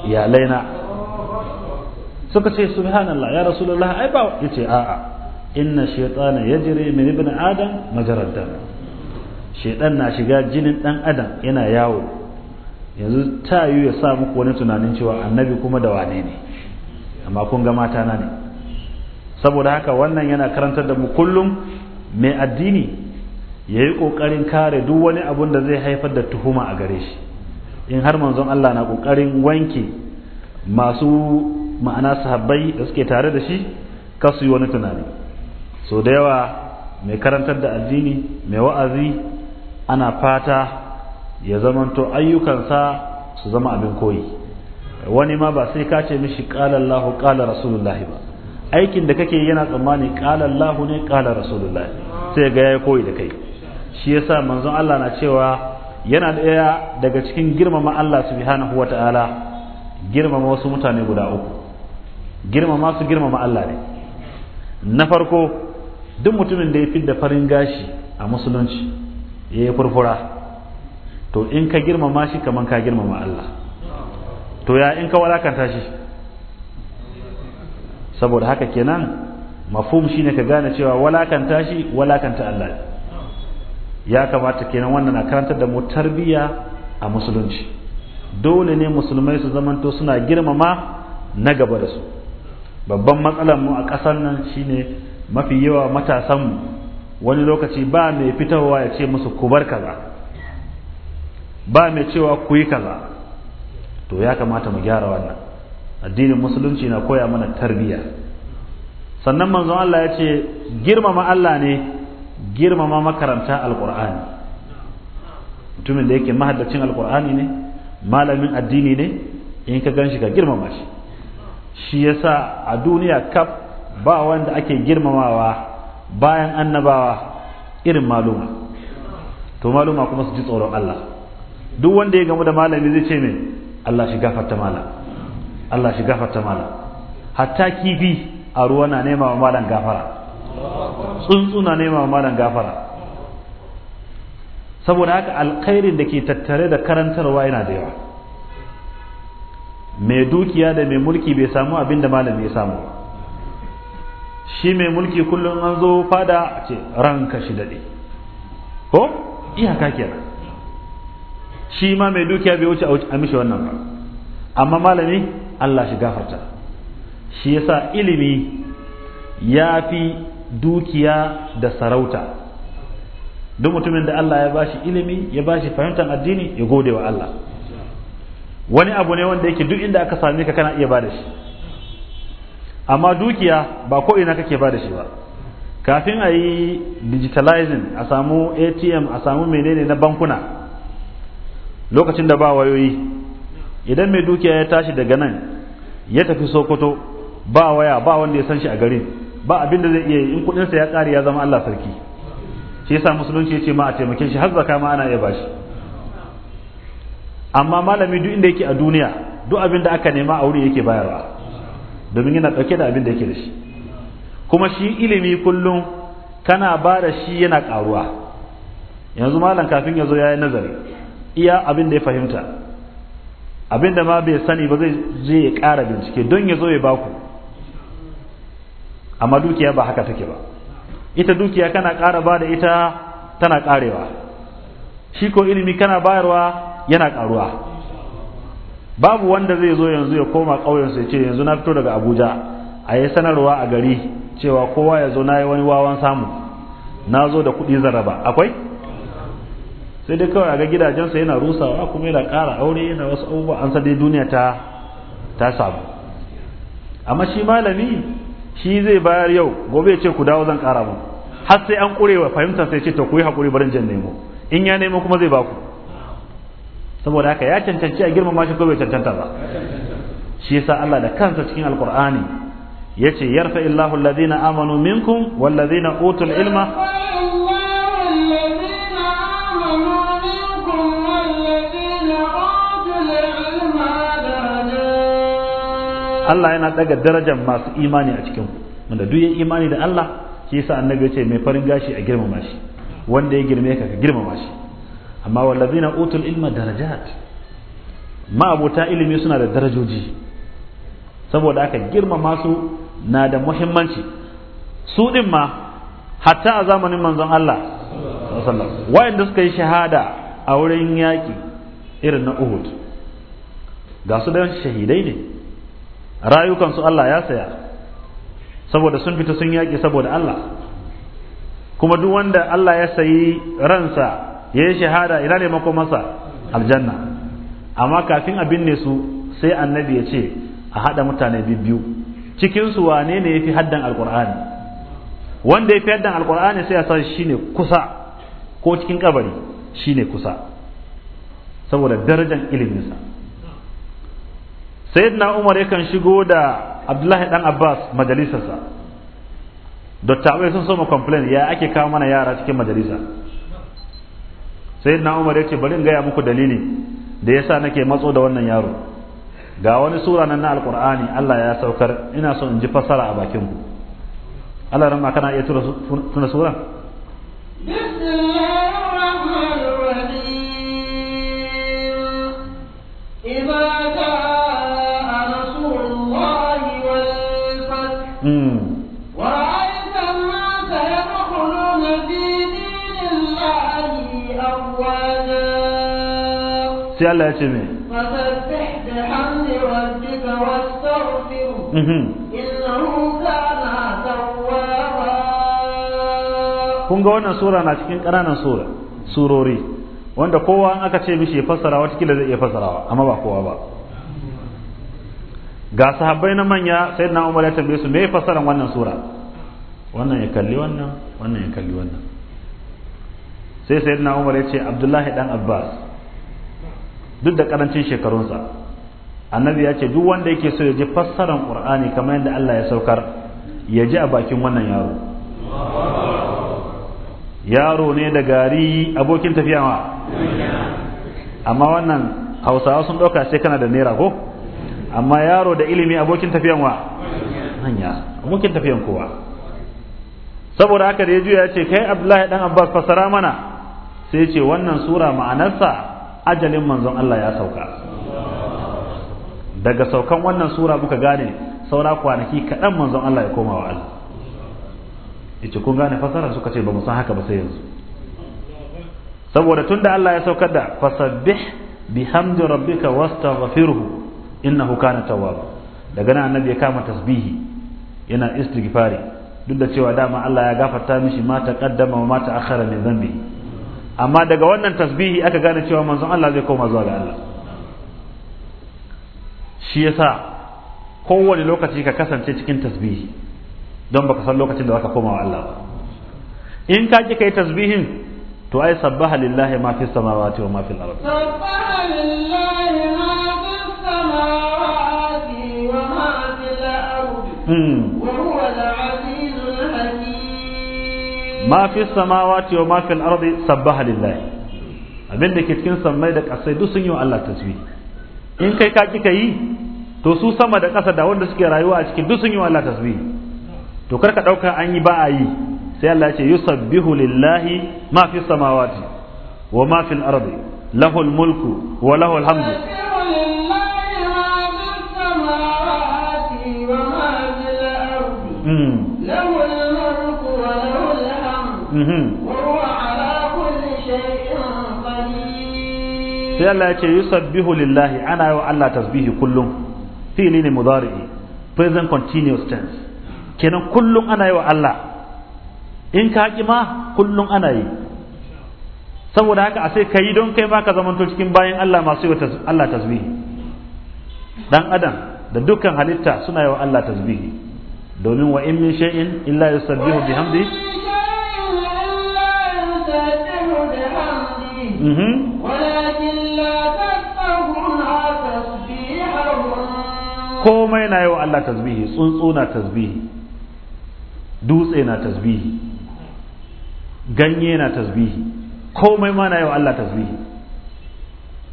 Speaker 4: iyalai na suka ce subhanallah ya rasulullah ai ba ce a'a inna shaytana yajri min ibn adam majarad dam na shiga jinin dan adam yana yawo yanzu ta yi ya sa muku wani tunanin cewa annabi kuma da wane ne amma kun ga mata na ne saboda haka wannan yana karantar da mu kullum mai addini ya yi ƙoƙarin kare duk wani abun da zai haifar da tuhuma a gare shi in har manzon Allah na ƙoƙarin wanke masu ma'ana sahabbai da suke tare da shi kasu yi wani tunani so da yawa mai karantar da addini mai wa'azi ana fata ya zamanto ayyukansa su zama abin koyi wani ma ba sai ka ce mishi ƙala Allah ƙala Rasulullahi ba aikin da kake yana tsammani ƙala ne ƙala Rasulullahi sai ga yayi koyi da kai shi yasa manzon Allah na cewa yana ɗaya daga cikin girmama Allah subhanahu wa ta'ala girmama wasu mutane guda uku girmama su girmama Allah ne na farko duk mutumin da ya fidda farin gashi a musulunci ya yi furfura to in ka girmama shi kaman ka girmama Allah to ya in ka walakanta shi saboda haka kenan shi ne ka gane cewa walakanta shi walakanta Allah ne ya kamata kenan wannan na karanta da mu tarbiyya a musulunci dole ne musulmai su zamanto suna girmama na gaba da su babban matsalar mu a ƙasar nan shine mafi yawa matasan mu wani lokaci ba mai fitowa ya ce musu ku bar kaza ba mai cewa ku yi kaza to ya kamata mu gyara wannan addinin musulunci na koya mana tarbiya. sannan manzon Allah ya ce girmama Allah ne girmama makaranta alqur'ani mutumin da yake mahaddacin alqur'ani ne malamin addini ne in ka ganshi ka girmama shi shi yasa a duniya kaf ba wanda ake girmamawa bayan annabawa irin maluma to maluma kuma su ji tsoron Allah duk wanda ya gamu da malami zai ce min Allah shi gafarta malam Allah shi gafarta malam hatta kifi a ruwa na nema wa malam gafara tsuntsuna ne ma malam gafara saboda haka alkhairin da ke tattare da karantarwa yana da yawa mai dukiya da mai mulki bai samu abinda da malam ya samu shi mai mulki kullum an zo fada a ce ranka shi daɗe ko iyaka kenan shi ma mai dukiya bai wuce a mishi wannan ba amma malami Allah shi gafarta shi yasa ilimi ya fi dukiya da sarauta duk mutumin da Allah ya bashi ilimi ya bashi fahimtar addini ya gode wa Allah wani abu ne wanda yake duk inda aka same ka kana iya ba da shi amma dukiya ba ko ina kake ba da shi ba kafin a yi digitalizing a samu atm a samu menene na bankuna lokacin da ba wayoyi idan mai dukiya ya tashi daga nan ya tafi sokoto ba waya ba wanda ya san shi a garin ba abin da zai iya yi in kuɗinsa ya kare ya zama Allah sarki shi yasa musulunci ya ce ma a taimake shi har zaka ma ana iya bashi amma malami duk inda yake a duniya duk abin da aka nema a wuri yake bayarwa domin yana dauke da abin da yake da shi kuma shi ilimi kullum kana ba da shi yana karuwa yanzu malam kafin ya zo ya yi nazari iya abin da ya fahimta abin da ma bai sani ba zai je ya ƙara bincike don ya zo ya baku amma dukiya ba haka take ba ita dukiya kana ƙara ba da ita tana ƙarewa shi ko ilimi kana bayarwa yana ƙaruwa babu wanda zai zo yanzu ya koma ƙauyensu ya ce yanzu na fito daga abuja a yi sanarwa a gari cewa kowa ya zo na yi wani wawan samu na zo da kuɗi zaraba akwai sai dai kawai ga gidajensa yana rusawa kuma yana ƙara aure yana wasu abubuwa an sa dai duniya ta ta samu amma shi malami shi zai bayar yau gobe ce ku dawo zan kara mu har sai an kurewa fahimta sai ce to ku yi hakuri barin jan nemo in ya nemo kuma zai baku saboda haka ya cancanci a girmama shi ko bai cancanta ba shi yasa Allah da kansa cikin alqur'ani yace yarfa illahu alladhina amanu minkum ladhina utul ilma Allah yana daga darajar masu imani a cikin wanda duk ya imani da Allah shi yasa annabi ya ce mai farin gashi a girmama shi wanda ya girme ka ka girmama shi amma wallazina utul ilma darajat ma abota ilimi suna da darajoji saboda aka girmama su na da muhimmanci su din ma hatta a zamanin manzon Allah wa'anda suka yi shahada a wurin yaƙi irin na Uhud ga su da shahidai ne rayukansu Allah ya saya saboda sun fita sun yaƙi saboda Allah kuma duk wanda Allah ya sayi ransa ya yi shahada ina ne masa aljanna amma kafin a binne su sai annabi ya ce a haɗa mutane biyu cikinsu wane ne ya fi haddan alƙur'ani wanda ya fi haddan alƙur'ani sai a sa shi ne kusa ko cikin kabari shi ne kusa saboda darajar iliminsa sayyidina umar yakan shigo da abdullahi dan abbas majalisarsa dattawai sun soma complain ya ake kawo mana yara cikin majalisa sayyidina umar ya ce bari in gaya muku dalili da yasa nake matso da wannan yaro ga wani sura nan na alkurani Allah ya saukar ina so in ji fasara a bakin ku Allah ran ma kana iya tuna sura Allah ya ce me kun ga wannan sura na cikin ƙananan sura surori wanda kowa an aka ce mishi ya fassara watakila zai iya fassarawa amma ba kowa ba ga sahabbai na manya sai na umar ya tambaye su me fassaran wannan sura wannan ya kalli wannan wannan ya kalli wannan sai sai na umar ya ce abdullahi dan abbas duk da karancin shekarunsa annabi ya ce duk wanda yake so ya ji fassaran qur'ani kamar yadda Allah ya saukar ya ji a bakin wannan yaro yaro ne da gari abokin tafiya ma amma wannan hausawa sun ɗauka sai kana da naira ko amma yaro da ilimi abokin tafiyan wa hanya abokin tafiyan kowa saboda haka da ya juya ya ce kai abdullahi dan abbas fasara mana sai ce wannan sura ma'anarsa ajalin manzon Allah ya sauka daga saukan wannan sura muka gane saura kwanaki kaɗan manzon Allah ya koma wa Allah yace kun gane fasara suka ce ba mu san haka ba sai yanzu saboda tunda Allah ya saukar da fasabbih bihamdi rabbika wastaghfirhu innahu kana tawwab daga nan annabi ya kama tasbihi yana istighfari duk da cewa dama Allah ya gafarta mishi mata taqaddama wa ma ta'akhkhara min dhanbihi amma daga wannan tasbihi aka gane cewa manzon Allah zai koma zuwa ga Allah shi yasa kowane lokaci ka kasance cikin tasbihi don baka san lokacin da zaka koma wa Allah ba in ka ki kai tasbihin to ai sabbaha lillahi ma fi samawati wa ma fil
Speaker 3: sabbaha lillahi ma fi samawati wa ma
Speaker 4: fil ma fi samawati wa ma fi al-ardi sabbaha abin da ke cikin sammai da ƙasai duk sun yi wa Allah tasbih in kai ka kika yi to su sama da ƙasa da wanda suke rayuwa a cikin duk sun yi wa Allah tasbih to kar ka dauka an yi ba a yi sai Allah ya ce yusabbihu lillahi ma fi samawati wa ma fi al-ardi lahu al-mulku wa lahu al-hamdu
Speaker 3: له Mhm.
Speaker 4: sai Allah ya ce yusabbihu lillahi ana yi wa Allah tasbihi kullum fi'ili ne mudari'i present continuous tense kenan kullum ana yi wa Allah in ka haƙi ma kullum ana yi saboda haka a sai ka yi don kai ma ka zamanto cikin bayan Allah masu yi Allah tasbihi dan adam da dukkan halitta suna yi wa Allah tasbihi domin wa in min shay'in illa yusabbihu bihamdihi
Speaker 3: Mm-hmm.
Speaker 4: komai na yau Allah tasbihi tsuntsu na tasbihi dutse na tasbihi ganye na tasbihi komai ma na yau Allah tasbihi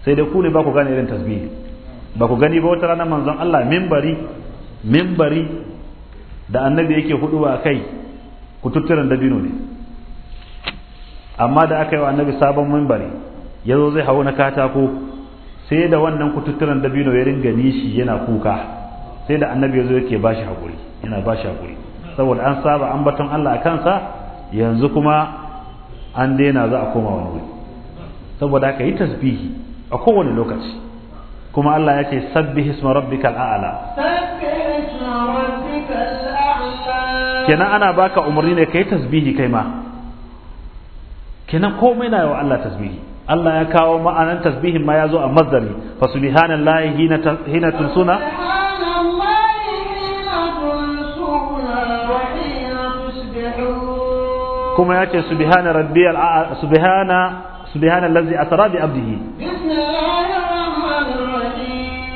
Speaker 4: sai dai ku ne ba ku gane irin tasbihi ba ku gani ba wata rana manzon Allah mimbari mimbari da annabi yake hudu a kai ku tutturan dabino ne amma da aka yi wa annabi sabon mimbari ya zo zai hau na katako sai da wannan kututturan dabino ya ringa nishi yana kuka sai da annabi ya zo yake ba shi haƙuri yana ba shi haƙuri saboda an saba an baton Allah a kansa yanzu kuma an daina za a koma wani wuri saboda haka yi tasbihi a kowane lokaci kuma Allah ya ce sabbihi isma rabbikal a'la
Speaker 3: sabbihi isma rabbikal a'la
Speaker 4: kenan ana baka umarni ne kai tasbihi kai ma kenan komai na wa Allah tasbihi Allah ya kawo ma'anan tasbihin ma ya zo a mazdari fa subhanallahi hina tunsuna kuma ya ce subhana rabbiyal subhana subhana allazi asra bi abdihi
Speaker 3: bismillahir rahmanir rahim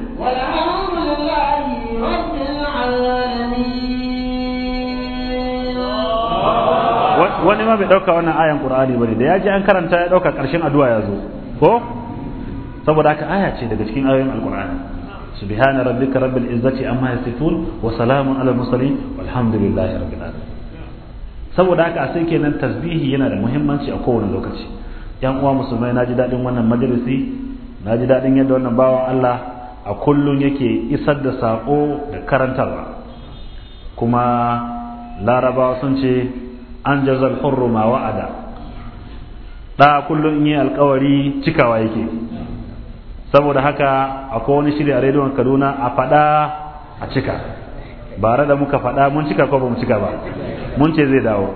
Speaker 4: wani ma bai dauka wannan ayan qur'ani bane da yaji an karanta ya dauka karshen addu'a ya zo ko saboda haka aya ce daga cikin ayoyin alqur'ani subhana rabbika rabbil izzati amma yasifun wa salamun alal mursalin walhamdulillahi rabbil alamin saboda haka sai kenan tasbihi yana da muhimmanci a kowane lokaci yan uwa musulmai naji dadin wannan majalisi naji dadin yadda wannan bawan Allah a kullun yake isar da sako da karantarwa kuma larabawa sun ce an jazal hurru ma wa'ada da kullum in yi alkawari cikawa yake saboda haka akwai wani shirya a rediyon kaduna a faɗa a cika bare da muka faɗa mun cika ko ba mu cika ba mun ce zai dawo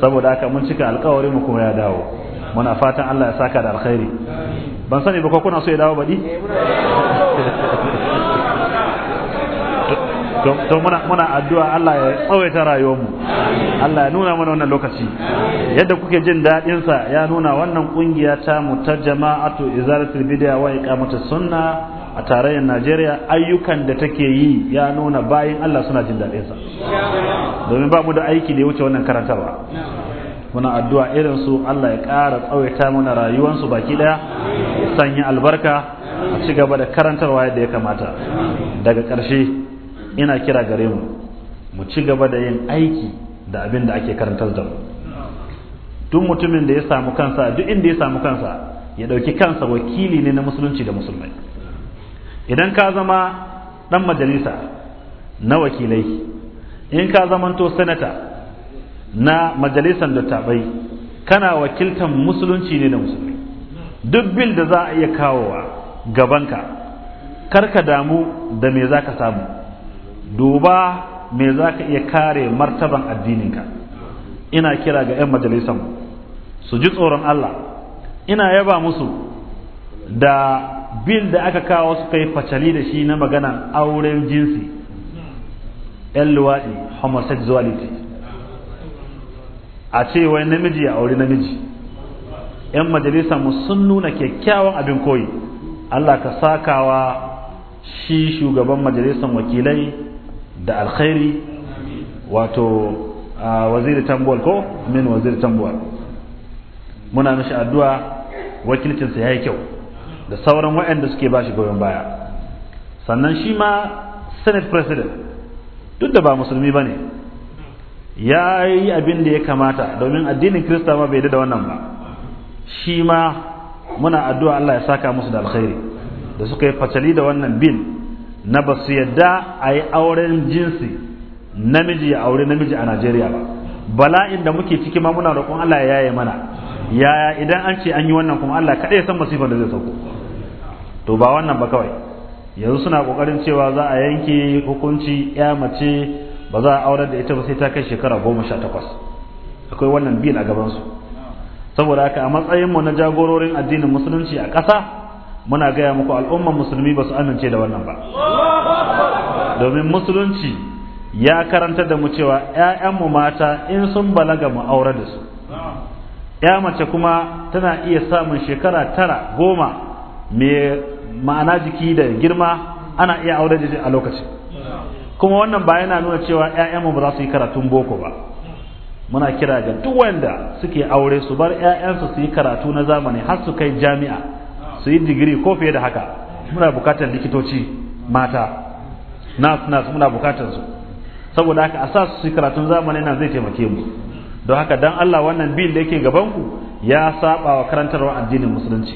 Speaker 4: saboda haka mun cika alkawari mu kuma ya dawo muna fatan Allah ya saka da alkhairi ban sani ba ko kuna so ya dawo baɗi to muna addu'a Allah ya tsawaita amin Allah ya nuna mana wannan lokaci yadda kuke jin daɗin sa ya nuna wannan kungiya ta mu ta jama'atu izaratul bid'a wa iqamatus sunna a tarayyar Najeriya ayyukan da take yi ya nuna bayan Allah suna jin daɗin sa domin ba mu da aiki da ya wuce wannan karantarwa muna addu'a irin su Allah ya ƙara tsawaita mana rayuwansu baki ɗaya sanya albarka a ci gaba da karantarwa yadda ya kamata daga ƙarshe ina kira gare mu mu ci gaba da yin aiki da abin da ake karantar da mu duk mutumin da ya samu kansa duk inda ya samu kansa ya dauki kansa wakili ne na musulunci da musulmai idan ka zama dan majalisa na wakilai in ka zamanto sanata na majalisar dattabai kana wakiltan musulunci ne da musulmai duk bil da za a iya kawowa gabanka ka damu da me za ka samu duba me za ka iya kare martaban addininka ina kira ga 'yan majalisan su ji tsoron Allah ina yaba musu da bil da aka kawo su kai facali da shi na magana auren jinsi 'yan luwaɗi homosexuality a ce wai namiji ya auri namiji 'yan majalisan mu sun nuna kyakkyawan abin koyi Allah ka sakawa shi shugaban majalisan wakilai da alkhairi wato waziri tambuwar ko min waziri tambuwar muna mishi addu'a wakilcinsa ya yi kyau da sauran waɗanda suke ba shi goyon baya sannan shi ma senate president duk da ba musulmi ba ne ya yi abin da ya kamata domin addinin kirista ma bai da wannan ba shi ma muna addu'a Allah ya saka musu da alkhairi da suka yi fatali da wannan bil na ba su yadda a yi auren jinsi namiji ya aure namiji a najeriya ba bala'in da muke ciki ma muna roƙon allah ya yaye mana yaya idan an ce an yi wannan kuma allah kaɗai san masifar da zai sauko to ba wannan ba kawai yanzu suna ƙoƙarin cewa za a yanke hukunci ya mace ba za a aurar da ita ba sai ta kai shekara goma sha takwas akwai wannan bil a gabansu saboda haka a matsayinmu na jagororin addinin musulunci a ƙasa muna gaya muku al'umman musulmi ba su amince da wannan ba domin musulunci ya karanta da mu cewa ‘ya'yanmu mata in sun balaga mu aure da su ‘ya mace kuma tana iya samun shekara tara goma mai ma'ana jiki da girma ana iya aure da a lokaci, kuma wannan ba yana nuna cewa ‘ya'yanmu ba za su yi karatun boko ba muna kira ga duk wanda suke aure su bar ‘ya'yansu su yi karatu na zamani har su kai jami'a su yi digiri ko fiye da haka muna bukatar likitoci mata nas nas muna bukatar su saboda haka a sa su karatun zamani nan zai taimake mu don haka dan Allah wannan bin da yake gaban ku ya saba wa karantarwa addinin musulunci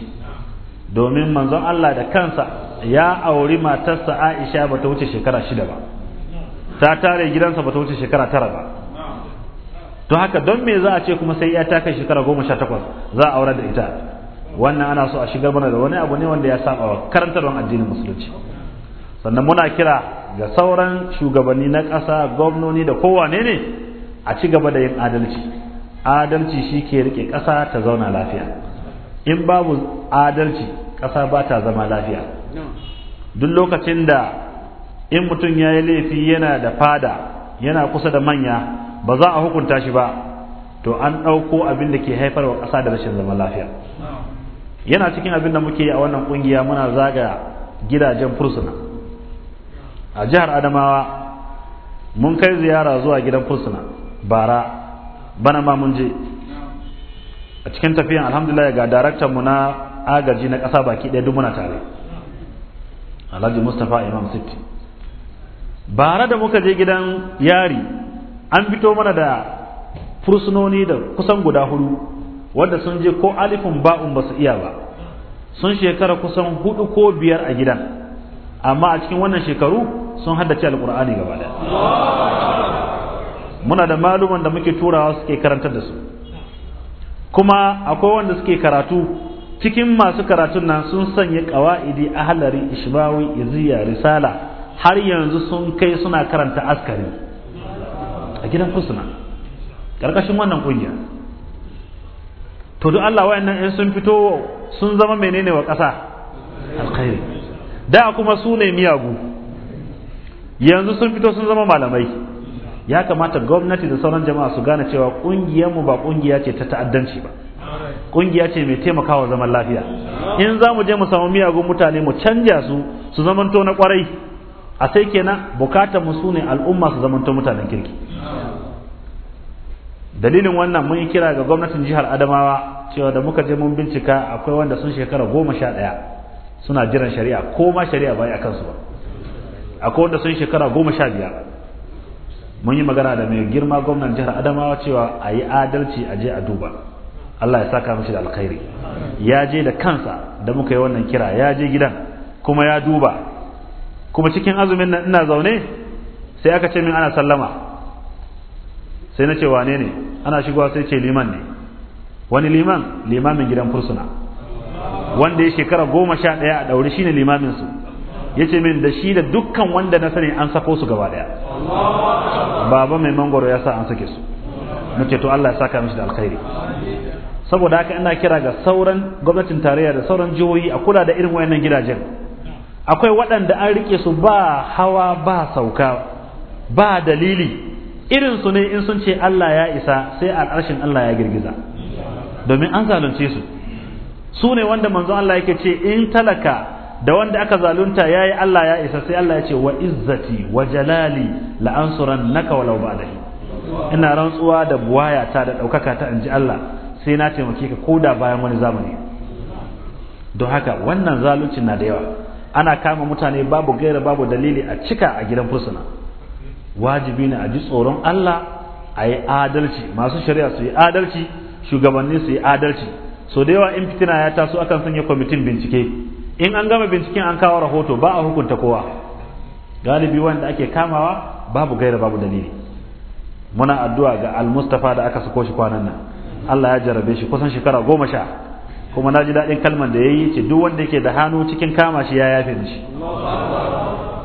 Speaker 4: domin manzon Allah da kansa ya auri matarsa Aisha bata wuce shekara shida ba ta tare gidansa bata wuce shekara tara ba to haka don me za a ce kuma sai ya ta kai shekara goma sha takwas za a aurar da ita wannan ana so a shigar mana da wani abu ne wanda ya saba wa karantarwar addinin musulunci sannan muna kira ga sauran shugabanni na ƙasa gwamnoni da kowane ne a ci gaba da yin adalci adalci shi ke rike ƙasa ta zauna lafiya in babu adalci ƙasa ba ta zama lafiya duk lokacin da in mutum ya yi laifi yana da fada yana kusa da manya ba za a hukunta shi ba to an ɗauko abin da ke haifarwa ƙasa da rashin zama lafiya yana cikin abin da muke yi a wannan kungiya muna zaga gidajen fursuna a jihar adamawa mun kai ziyara zuwa gidan fursuna bara bana ma mun je a cikin tafiyan alhamdulillah ga daraktan mu na agaji na ƙasa baki ɗaya duk muna tare alhaji mustapha imam sitti bara da muka je gidan yari an fito mana da fursunoni da kusan guda hudu wanda sun je ko alifin ba'un ba su iya ba sun shekara kusan hudu ko biyar a gidan amma a cikin wannan shekaru sun haddace alkur'ani gaba da muna da maluman da muke turawa suke karantar da su kuma akwai wanda suke karatu cikin masu karatun nan sun sanya kawa'idi halari ishbawi iziya risala har yanzu sun kai suna karanta askari a gidan kusuna karkashin wannan ƙungiyar. to duk Allah wa'annan in sun fito sun zama menene wa ƙasa alkhairi da kuma su ne miyagu yanzu sun fito sun zama malamai ya kamata gwamnati da sauran jama'a su gane cewa ƙungiyarmu ba ƙungiya ce ta ta'addanci ba ƙungiya ce mai taimakawa zaman lafiya in za mu je mu samu miyagun mutane mu canja su su zamanto na kwarai a sai kenan bukatar mu su ne al'umma su zamanto mutanen kirki dalilin wannan mun yi kira ga gwamnatin jihar adamawa cewa da muka je mun bincika akwai wanda sun shekara goma sha ɗaya suna jiran shari'a ko ma shari'a bai akan su ba akwai wanda sun shekara goma sha biyar mun yi magana da mai girma gwamnan jihar adamawa cewa a yi adalci a je a duba allah ya saka mishi da alkhairi ya je da kansa da muka yi wannan kira ya je gidan kuma ya duba kuma cikin azumin nan ina zaune sai aka ce min ana sallama sai na ce wane ne ana shigowa sai ce liman ne wani liman limamin gidan fursuna wanda ya shekara goma sha ɗaya a ɗauri shine limamin su ya ce min da shi da dukkan wanda na sani an sako su gaba ɗaya baba mai mangoro ya sa an sake su na to Allah ya saka mishi da alkhairi saboda haka ina kira ga sauran gwamnatin tarayya da sauran jihohi a kula da irin wayannan gidajen akwai waɗanda an rike su ba hawa ba sauka ba dalili irin su ne in sun ce Allah ya isa sai al'arshin Allah ya girgiza domin an zalunce su su ne wanda manzo Allah yake ce in talaka da wanda aka zalunta ya yi Allah ya isa sai Allah ya ce wa izzati wa jalali na ansuran naka walau ba'dahi ina rantsuwa da buwaya ta da ɗaukaka ta ji Allah sai na taimake ka ko da bayan wani zamani don haka wannan zalunci na da yawa ana kama mutane babu gaira babu dalili a cika a gidan fursuna wajibi ne a ji tsoron Allah a yi adalci masu shari'a su yi adalci shugabanni su yi adalci so da yawa in fitina ya taso akan sanya kwamitin bincike in an gama binciken an kawo rahoto ba a hukunta kowa galibi wanda ake kamawa babu gaira babu dalili muna addu'a ga al-mustafa da aka sako shi kwanan nan Allah ya jarabe shi kusan shekara goma sha kuma na ji daɗin kalman da ya yi ce duk wanda yake da hannu cikin kama shi ya yafe shi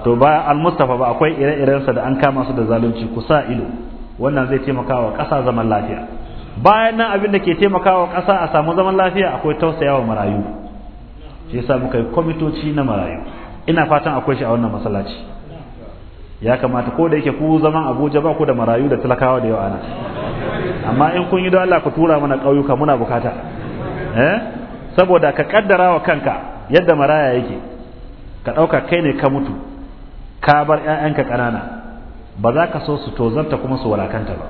Speaker 4: to ba al-mustafa ba akwai ire iren sa da an kama su da zalunci kusa ido wannan zai taimaka wa ƙasa zaman lafiya bayan nan abin da ke taimakawa ƙasa a samu zaman lafiya akwai tausayawa marayu shi yasa muka yi kwamitoci na marayu ina fatan akwai shi a wannan masallaci ya kamata ko da yake ku zaman Abuja ba ku da marayu da talakawa da yau ana amma in kun yi don Allah ku tura mana ƙauyuka muna bukata eh saboda ka kaddara wa kanka yadda maraya yake ka ɗauka kai ne ka mutu ka bar ƴaƴanka ƙanana ba za ka so su tozarta kuma su walakanta ba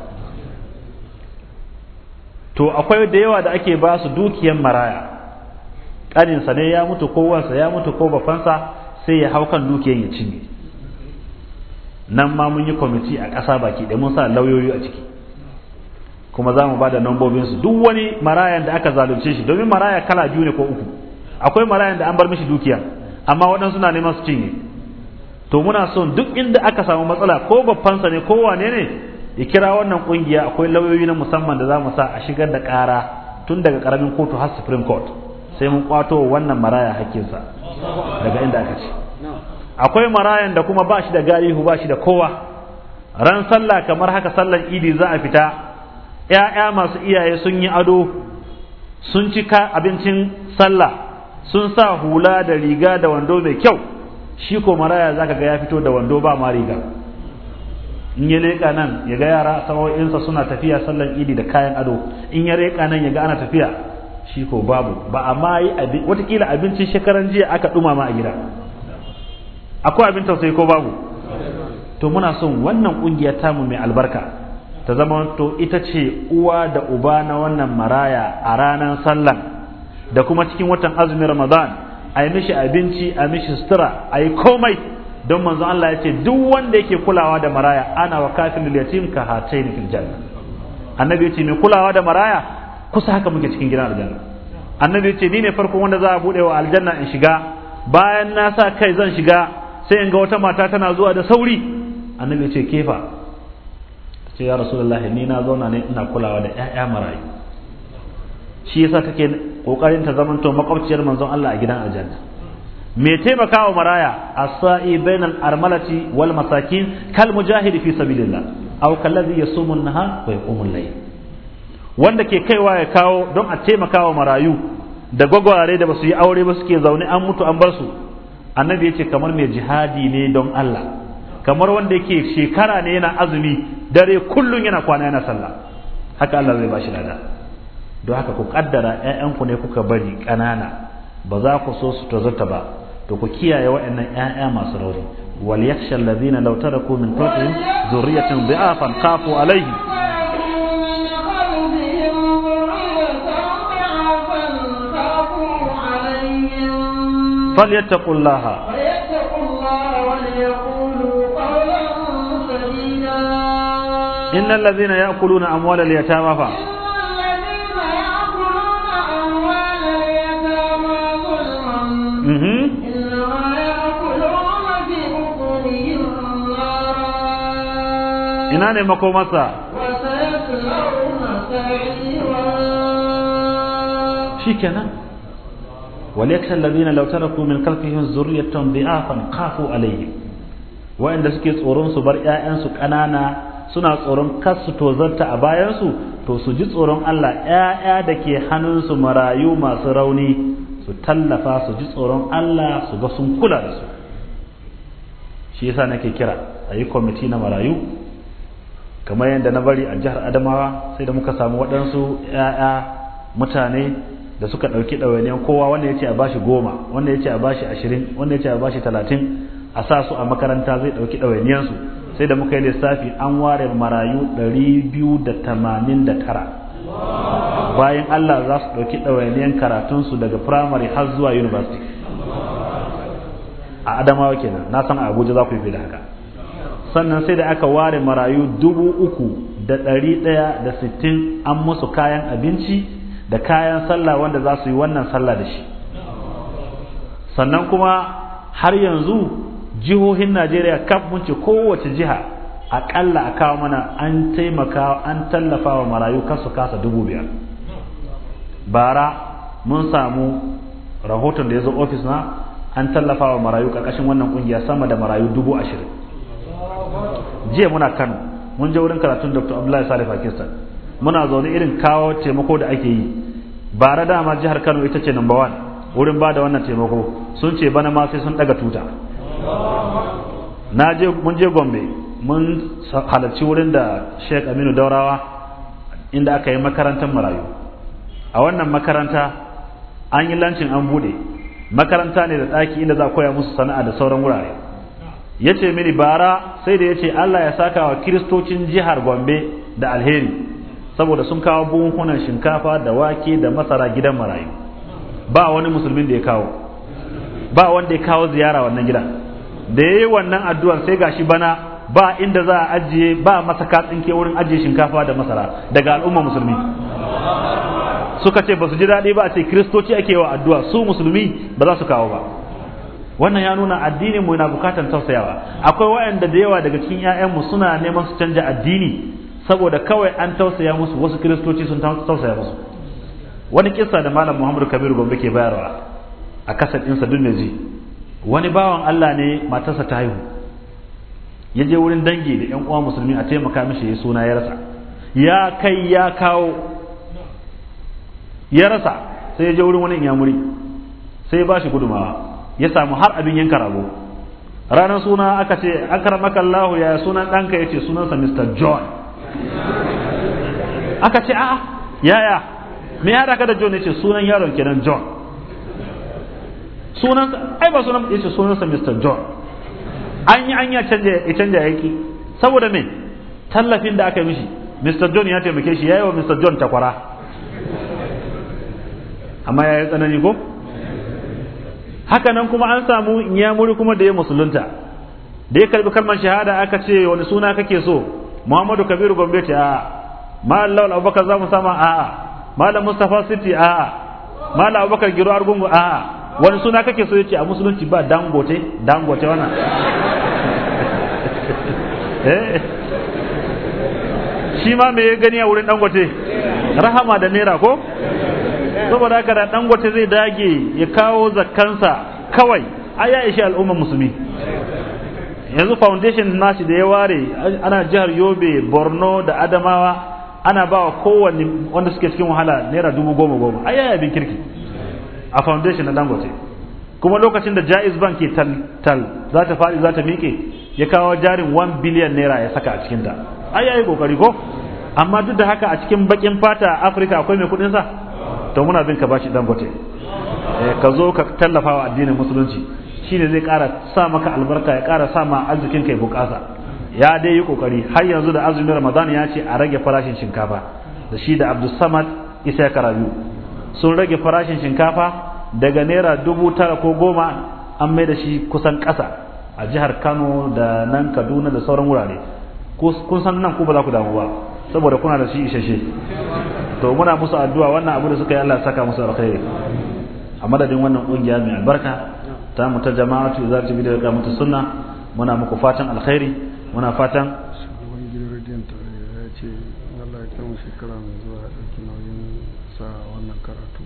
Speaker 4: to akwai da yawa da ake ba su dukiyar maraya ƙaninsa ne ya mutu ko ya mutu ko bafansa sai ya hau kan dukiyar ya cinye nan ma mun yi kwamiti a ƙasa baki da mun sa lauyoyi a ciki kuma za mu ba da su duk wani marayan da aka zalunce shi domin maraya kala biyu ne ko uku akwai marayan da an bar mishi dukiya amma waɗansu na neman su cinye to muna son duk inda aka samu matsala ko babbansa ne ko wane ne ya kira wannan kungiya akwai lauyoyi na musamman da za mu sa a shigar da kara tun daga ƙaramin kotu har supreme court sai mun kwato wannan maraya hakkinsa daga inda aka ce akwai marayan da kuma ba shi da galihu ba shi da kowa ran sallah kamar haka sallar idi za a fita ‘ya'ya masu iyaye sun yi ado sun cika abincin sallah sun sa hula da riga da wando mai kyau shi ko maraya zaka ga ya fito da wando ba ma riga in ya leƙa nan ya ga yara sawo'insa suna tafiya sallan idi da kayan ado in ya leƙa nan ya ga ana tafiya shi ko babu ba a ma yi watakila abincin shekaran jiya aka dumama a gida akwai abin tausayi ko babu to muna son wannan ƙungiya tamu mai albarka ta zama to ita ce uwa da uba na wannan maraya a ranar sallan da kuma cikin watan azumin ramadan a yi mishi abinci a mishi sutura a yi komai don manzo Allah ya ce duk wanda yake kulawa da maraya ana wa kafin yatim ka hatayn fil janna annabi ya ce mai kulawa da maraya kusa haka muke cikin gidan aljanna annabi ya ce ni ne farko wanda za a bude wa aljanna in shiga bayan na sa kai zan shiga sai in ga wata mata tana zuwa da sauri annabi ya ce kefa ce ya rasulullahi ni na zauna ne ina kulawa da ƴaƴa marayu shi yasa kake kokarin ta zamanto makwabciyar manzon Allah a gidan aljanna me taimakawa maraya as-sa'i bainal armalati wal masakin kal mujahidi fi sabilillah aw kal ladhi yasumu an-nahar wa yaqumu al-layl wanda ke kaiwa ya kawo don a taimakawa marayu da gwagware da basu yi aure ba suke zaune an mutu an bar su annabi yace kamar mai jihadi ne don Allah kamar wanda yake shekara ne yana azumi dare kullun yana kwana yana sallah haka Allah zai bashi lada don haka ku kaddara ƴaƴanku ne kuka bari ƙanana ba za ku so su tazarta ba to ku kiyaye waɗannan ƴaƴa masu rauni wal yakhsha alladhina law taraku min fawqihim dhurriyatan dha'afan khafu alaihim فليتقوا الله إن الذين يأكلون أموال اليتامى فهم ina ne makomarsa shikenan وليخشى الذين لو تركوا kumin خلفهم ذرية ضعافا kafu عليهم wa'anda suke tsoron su bar 'ya'yansu ƙanana suna tsoron kar tozarta a bayansu to su ji tsoron Allah 'ya'ya da ke hannunsu marayu masu rauni su tallafa su ji tsoron Allah su ga sun kula da su shi yasa nake kira a yi kwamiti na marayu kamar yadda na bari a jihar adamawa sai da muka samu waɗansu 'ya'ya mutane da suka ɗauki ɗawainiyar kowa wanda ya ce a bashi goma wanda ya ce a bashi ashirin wanda ya ce a bashi talatin a sa su a makaranta zai ɗauki ɗawainiyarsu sai da muka yi lissafi an ware marayu ɗari biyu da tamanin da tara bayan Allah za su ɗauki ɗawainiyar karatunsu daga firamare har zuwa university a adamawa kenan na san abuja za ku yi da haka sannan sai da aka ware marayu dubu uku da ɗari ɗaya da sittin an musu kayan abinci da kayan sallah wanda za su yi wannan sallah da shi sannan kuma har yanzu jihohin najeriya kaf mun kowace jiha aƙalla a kawo mana an taimaka an tallafa wa marayu kan su kasa dubu biyar bara mun samu rahoton da ya zo ofis na an tallafa wa marayu ƙarƙashin wannan ƙungiya sama da marayu dubu ashirin jiya muna Kano mun je wurin karatun Dr. Abdullahi Salih Pakistan muna zaune irin kawo taimako da ake yi bara dama jihar Kano ita ce number one wurin ba da wannan taimako sun ce bana ma sai sun daga tuta na je mun je Gombe mun halarci wurin da Sheikh Aminu Daurawa inda aka yi makarantar marayu a wannan makaranta an yi lancin an bude makaranta ne da ɗaki inda za a koya musu sana'a da sauran wurare ya ce mini bara sai da ya ce Allah ya saka wa kiristocin jihar Gombe da alheri saboda sun kawo buhunan shinkafa da wake da masara gidan marayu ba wani musulmin da ya kawo ba wanda ya kawo ziyara wannan gida. da ya yi wannan addu'ar sai gashi bana ba inda za a ajiye ba masaka tsinke wurin ajiye shinkafa da masara daga al'umma musulmi suka ce ba su ji daɗi ba a ce kiristoci ake wa addu'a su musulmi ba za su kawo ba wannan ya nuna addinin mu yana bukatar tausayawa akwai wayanda da yawa daga cikin mu suna neman su canja addini saboda kawai an tausaya musu wasu kiristoci sun tausaya musu wani kissa da malam Muhammadu Kabir Gombe ke bayarwa a kasar ɗinsa duk ji wani bawan Allah ne matarsa ta haihu ya je wurin dangi da ƴan uwa musulmi a taimaka mishi ya suna ya rasa ya kai ya kawo ya rasa sai ya je wurin wani inyamuri sai ya ba shi gudumawa ya samu har abin yanka rago ranar suna aka ce an karamaka Allah ya sunan ɗanka ya ce sunansa Mr. John aka ce a'a yaya me ya raka da John ya ce sunan yaron kenan John sunan ai ba sunan ya ce sunansa Mr. John an yi an ya canja yaki saboda me tallafin da aka yi mishi Mr. John ya taimake shi ya yi wa Mr. John takwara amma ya yi tsanani ko haka nan kuma an samu muri kuma da ya musulunta da ya karbi kalmar shahada aka ce wani suna kake so muhammadu kabiru gombe ce a'a malam lawal abubakar zamu sama a'a malam mustapha city a'a malam abubakar giro argungu a'a wani suna kake so yace a musulunci ba dangote dangote wannan eh. shi ma me ya gani a wurin dangote rahama da naira ko Eh. saboda haka da dangote zai dage ya kawo zakansa kawai ai ya ishi al'ummar musulmi yanzu foundation nashi da ya ware ana jihar yobe borno da adamawa ana ba wa kowanne wanda suke cikin wahala naira dubu goma goma ai yaya bin kirki a foundation na dangote kuma lokacin da jaiz bank ke tal tal za ta faɗi za ta miƙe ya kawo jarin 1 biliyan naira ya saka a cikinta ai yayi kokari ko amma duk da haka a cikin bakin fata afirka akwai mai kudin sa to muna bin ka bashi dangote eh, ka zo ka tallafa wa addinin musulunci shine zai kara sa maka albarka ya kara sa ma arzikin kai bukasa ya dai yi kokari har yanzu da azumin ramadan ya ce a rage farashin shinkafa da shi da abdul samad isa ya sun rage farashin shinkafa daga naira dubu tara ko goma an mai da shi kusan kasa a jihar kano da nan kaduna da sauran wurare kun san nan ku ba za ku damu ba saboda kuna da shi isheshe to muna musu addu'a wannan abu da suka yi Allah saka musu alkhairi a madadin wannan kungiya mai albarka ta mu ta jama'atu za ta bi da mutu sunna muna muku fatan alkhairi muna fatan
Speaker 3: shekara zuwa nauyin sa wannan karatu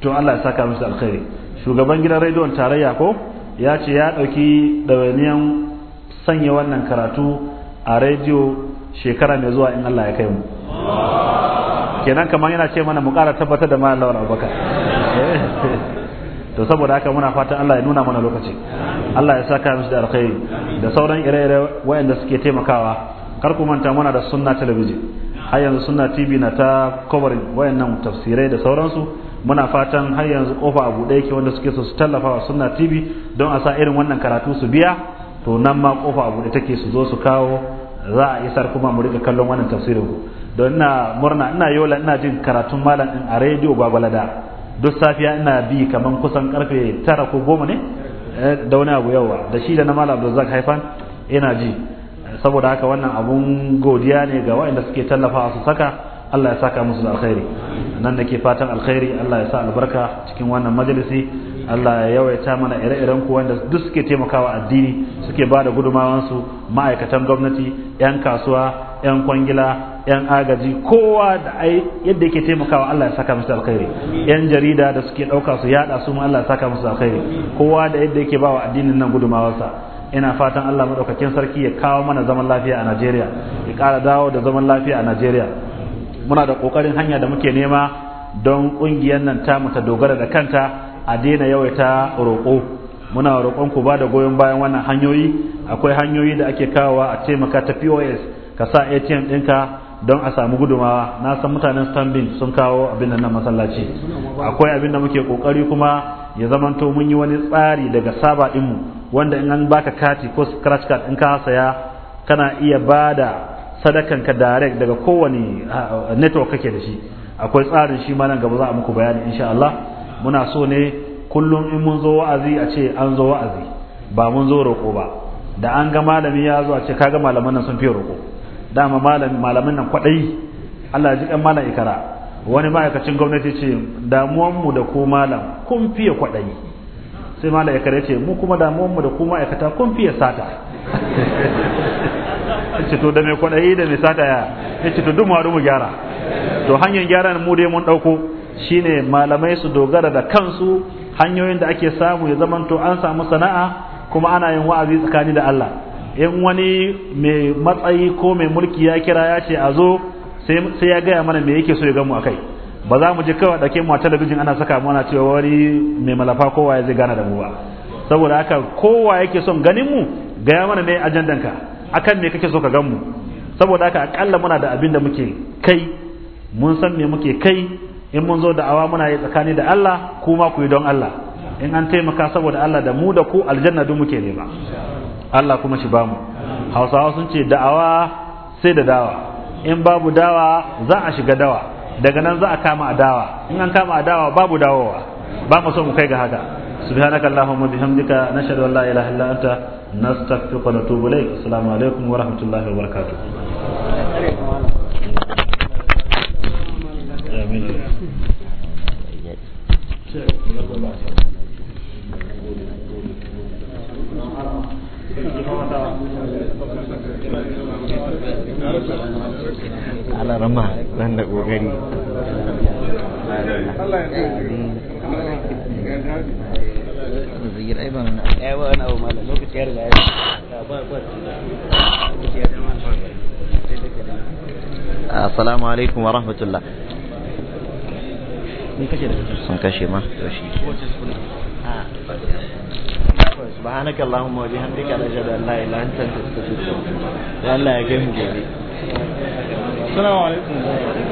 Speaker 4: to Allah ya saka musu alkhairi shugaban gidan rediyon tarayya ko ya ce ya ɗauki ɗawainiyan sanya wannan karatu a rediyo shekara mai zuwa in Allah ya kai mu kenan kamar yana ce mana mu kara tabbatar da malam lawan abubakar eh, to saboda haka muna fatan Allah ya nuna mana lokaci Allah ya saka mu da alkhairi da sauran ire-ire wayanda suke taimakawa kar ku manta muna da sunna talabijin har yanzu sunna tv na ta covering wayannan tafsirai da sauransu muna fatan har yanzu kofa Abu buɗe ke wanda suke so su tallafa wa sunna tv don a sa irin wannan karatu su biya to nan ma kofa abu da take su zo su kawo za a isar kuma mu rika kallon wannan tafsirin ku don ina murna ina yola ina jin karatun malam din a rediyo babalada duk safiya ina bi kaman kusan karfe tara ko goma ne eh, da wani abu yawa da shi da na malam abdulzak haifan ina ji saboda haka wannan abun godiya ne ga waɗanda suke tallafa su saka Allah ya saka musu da alkhairi nan nake fatan alkhairi Allah ya sa albarka cikin wannan majalisi Allah ya yawaita mana ire-iren ku wanda duk suke taimakawa addini suke ba da gudumawansu ma'aikatan gwamnati 'yan kasuwa 'yan kwangila 'yan agaji kowa da ai yadda yake taimakawa Allah ya saka musu alkhairi 'yan jarida da suke ɗauka su yaɗa su ma Allah ya saka musu alkhairi kowa da yadda yake bawa addinin nan gudumawarsa ina fatan Allah madaukakin sarki ya kawo mana zaman lafiya a Najeriya ya ƙara dawo da zaman lafiya a Najeriya muna da ƙoƙarin hanya da muke nema don ƙungiyar nan tamu ta dogara da kanta a daina yawaita roƙo muna roƙon ku ba da goyon bayan wannan hanyoyi akwai hanyoyi da ake kawowa a taimaka ta pos ka sa atm ɗinka don a samu gudumawa na san mutanen stambin sun kawo abin nan masallaci akwai abin da muke kokari kuma ya zamanto mun yi wani tsari daga saba dinmu wanda in an baka kati ko scratch card in ka saya kana iya ba da sadakanka direct daga kowane ah, network kake da shi akwai tsarin shi ma nan gaba za a muku bayani insha Allah muna so ne kullum in mun zo wa'azi a ce an zo wa'azi ba mun zo roƙo ba da an ga malami ya zo a ce kaga malaman nan sun fi roƙo dama malamin nan kwaɗayi Allah ji kan malam ikara wani ma'aikacin gwamnati ce damuwan mu da ku malam kun fiye kwaɗayi sai malam ikara ya ce mu kuma damuwan mu da ku ma'aikata kun fiye sata ce to da mai kwaɗayi da mai sata ya ce to duk mu gyara to hanyar gyara mu dai mun ɗauko shine malamai su dogara da kansu hanyoyin da ake samu ya zamanto an samu sana'a kuma ana yin wa'azi tsakani da Allah in wani mai matsayi ko mai mulki ya kira ya ce a zo sai ya gaya mana me yake so ya gamu akai ba za mu je kawai dake mu a talabijin ana saka mana cewa wani mai malafa kowa ya zai gana da mu ba saboda haka kowa yake son ganin mu gaya mana me ajandanka akan me kake so ka gan mu saboda haka akalla muna da abin da muke kai mun san me muke kai in mun zo da'awa muna yi tsakani da Allah kuma ku yi don Allah in an taimaka saboda Allah da mu da ku aljanna duk muke nema Allah kuma shi bamu Hausawa sun ce da'awa sai da dawa in babu dawa za a shiga dawa daga nan za a kama dawa. in an kama dawa babu dawowa ba mu so mu kai ga haka bihamdika nashhadu an la ilaha illa anta nastaghfiruka wa natubu ilayk assalamu alaikum wa rahmatullahi wa barakatuh
Speaker 5: ala
Speaker 1: rama nan da kokari السلام عليكم ورحمة الله sun kashe ma yoshi ah. subhanaka allahumma wa bihamdika ashhadu ya kai mu gobe
Speaker 5: assalamu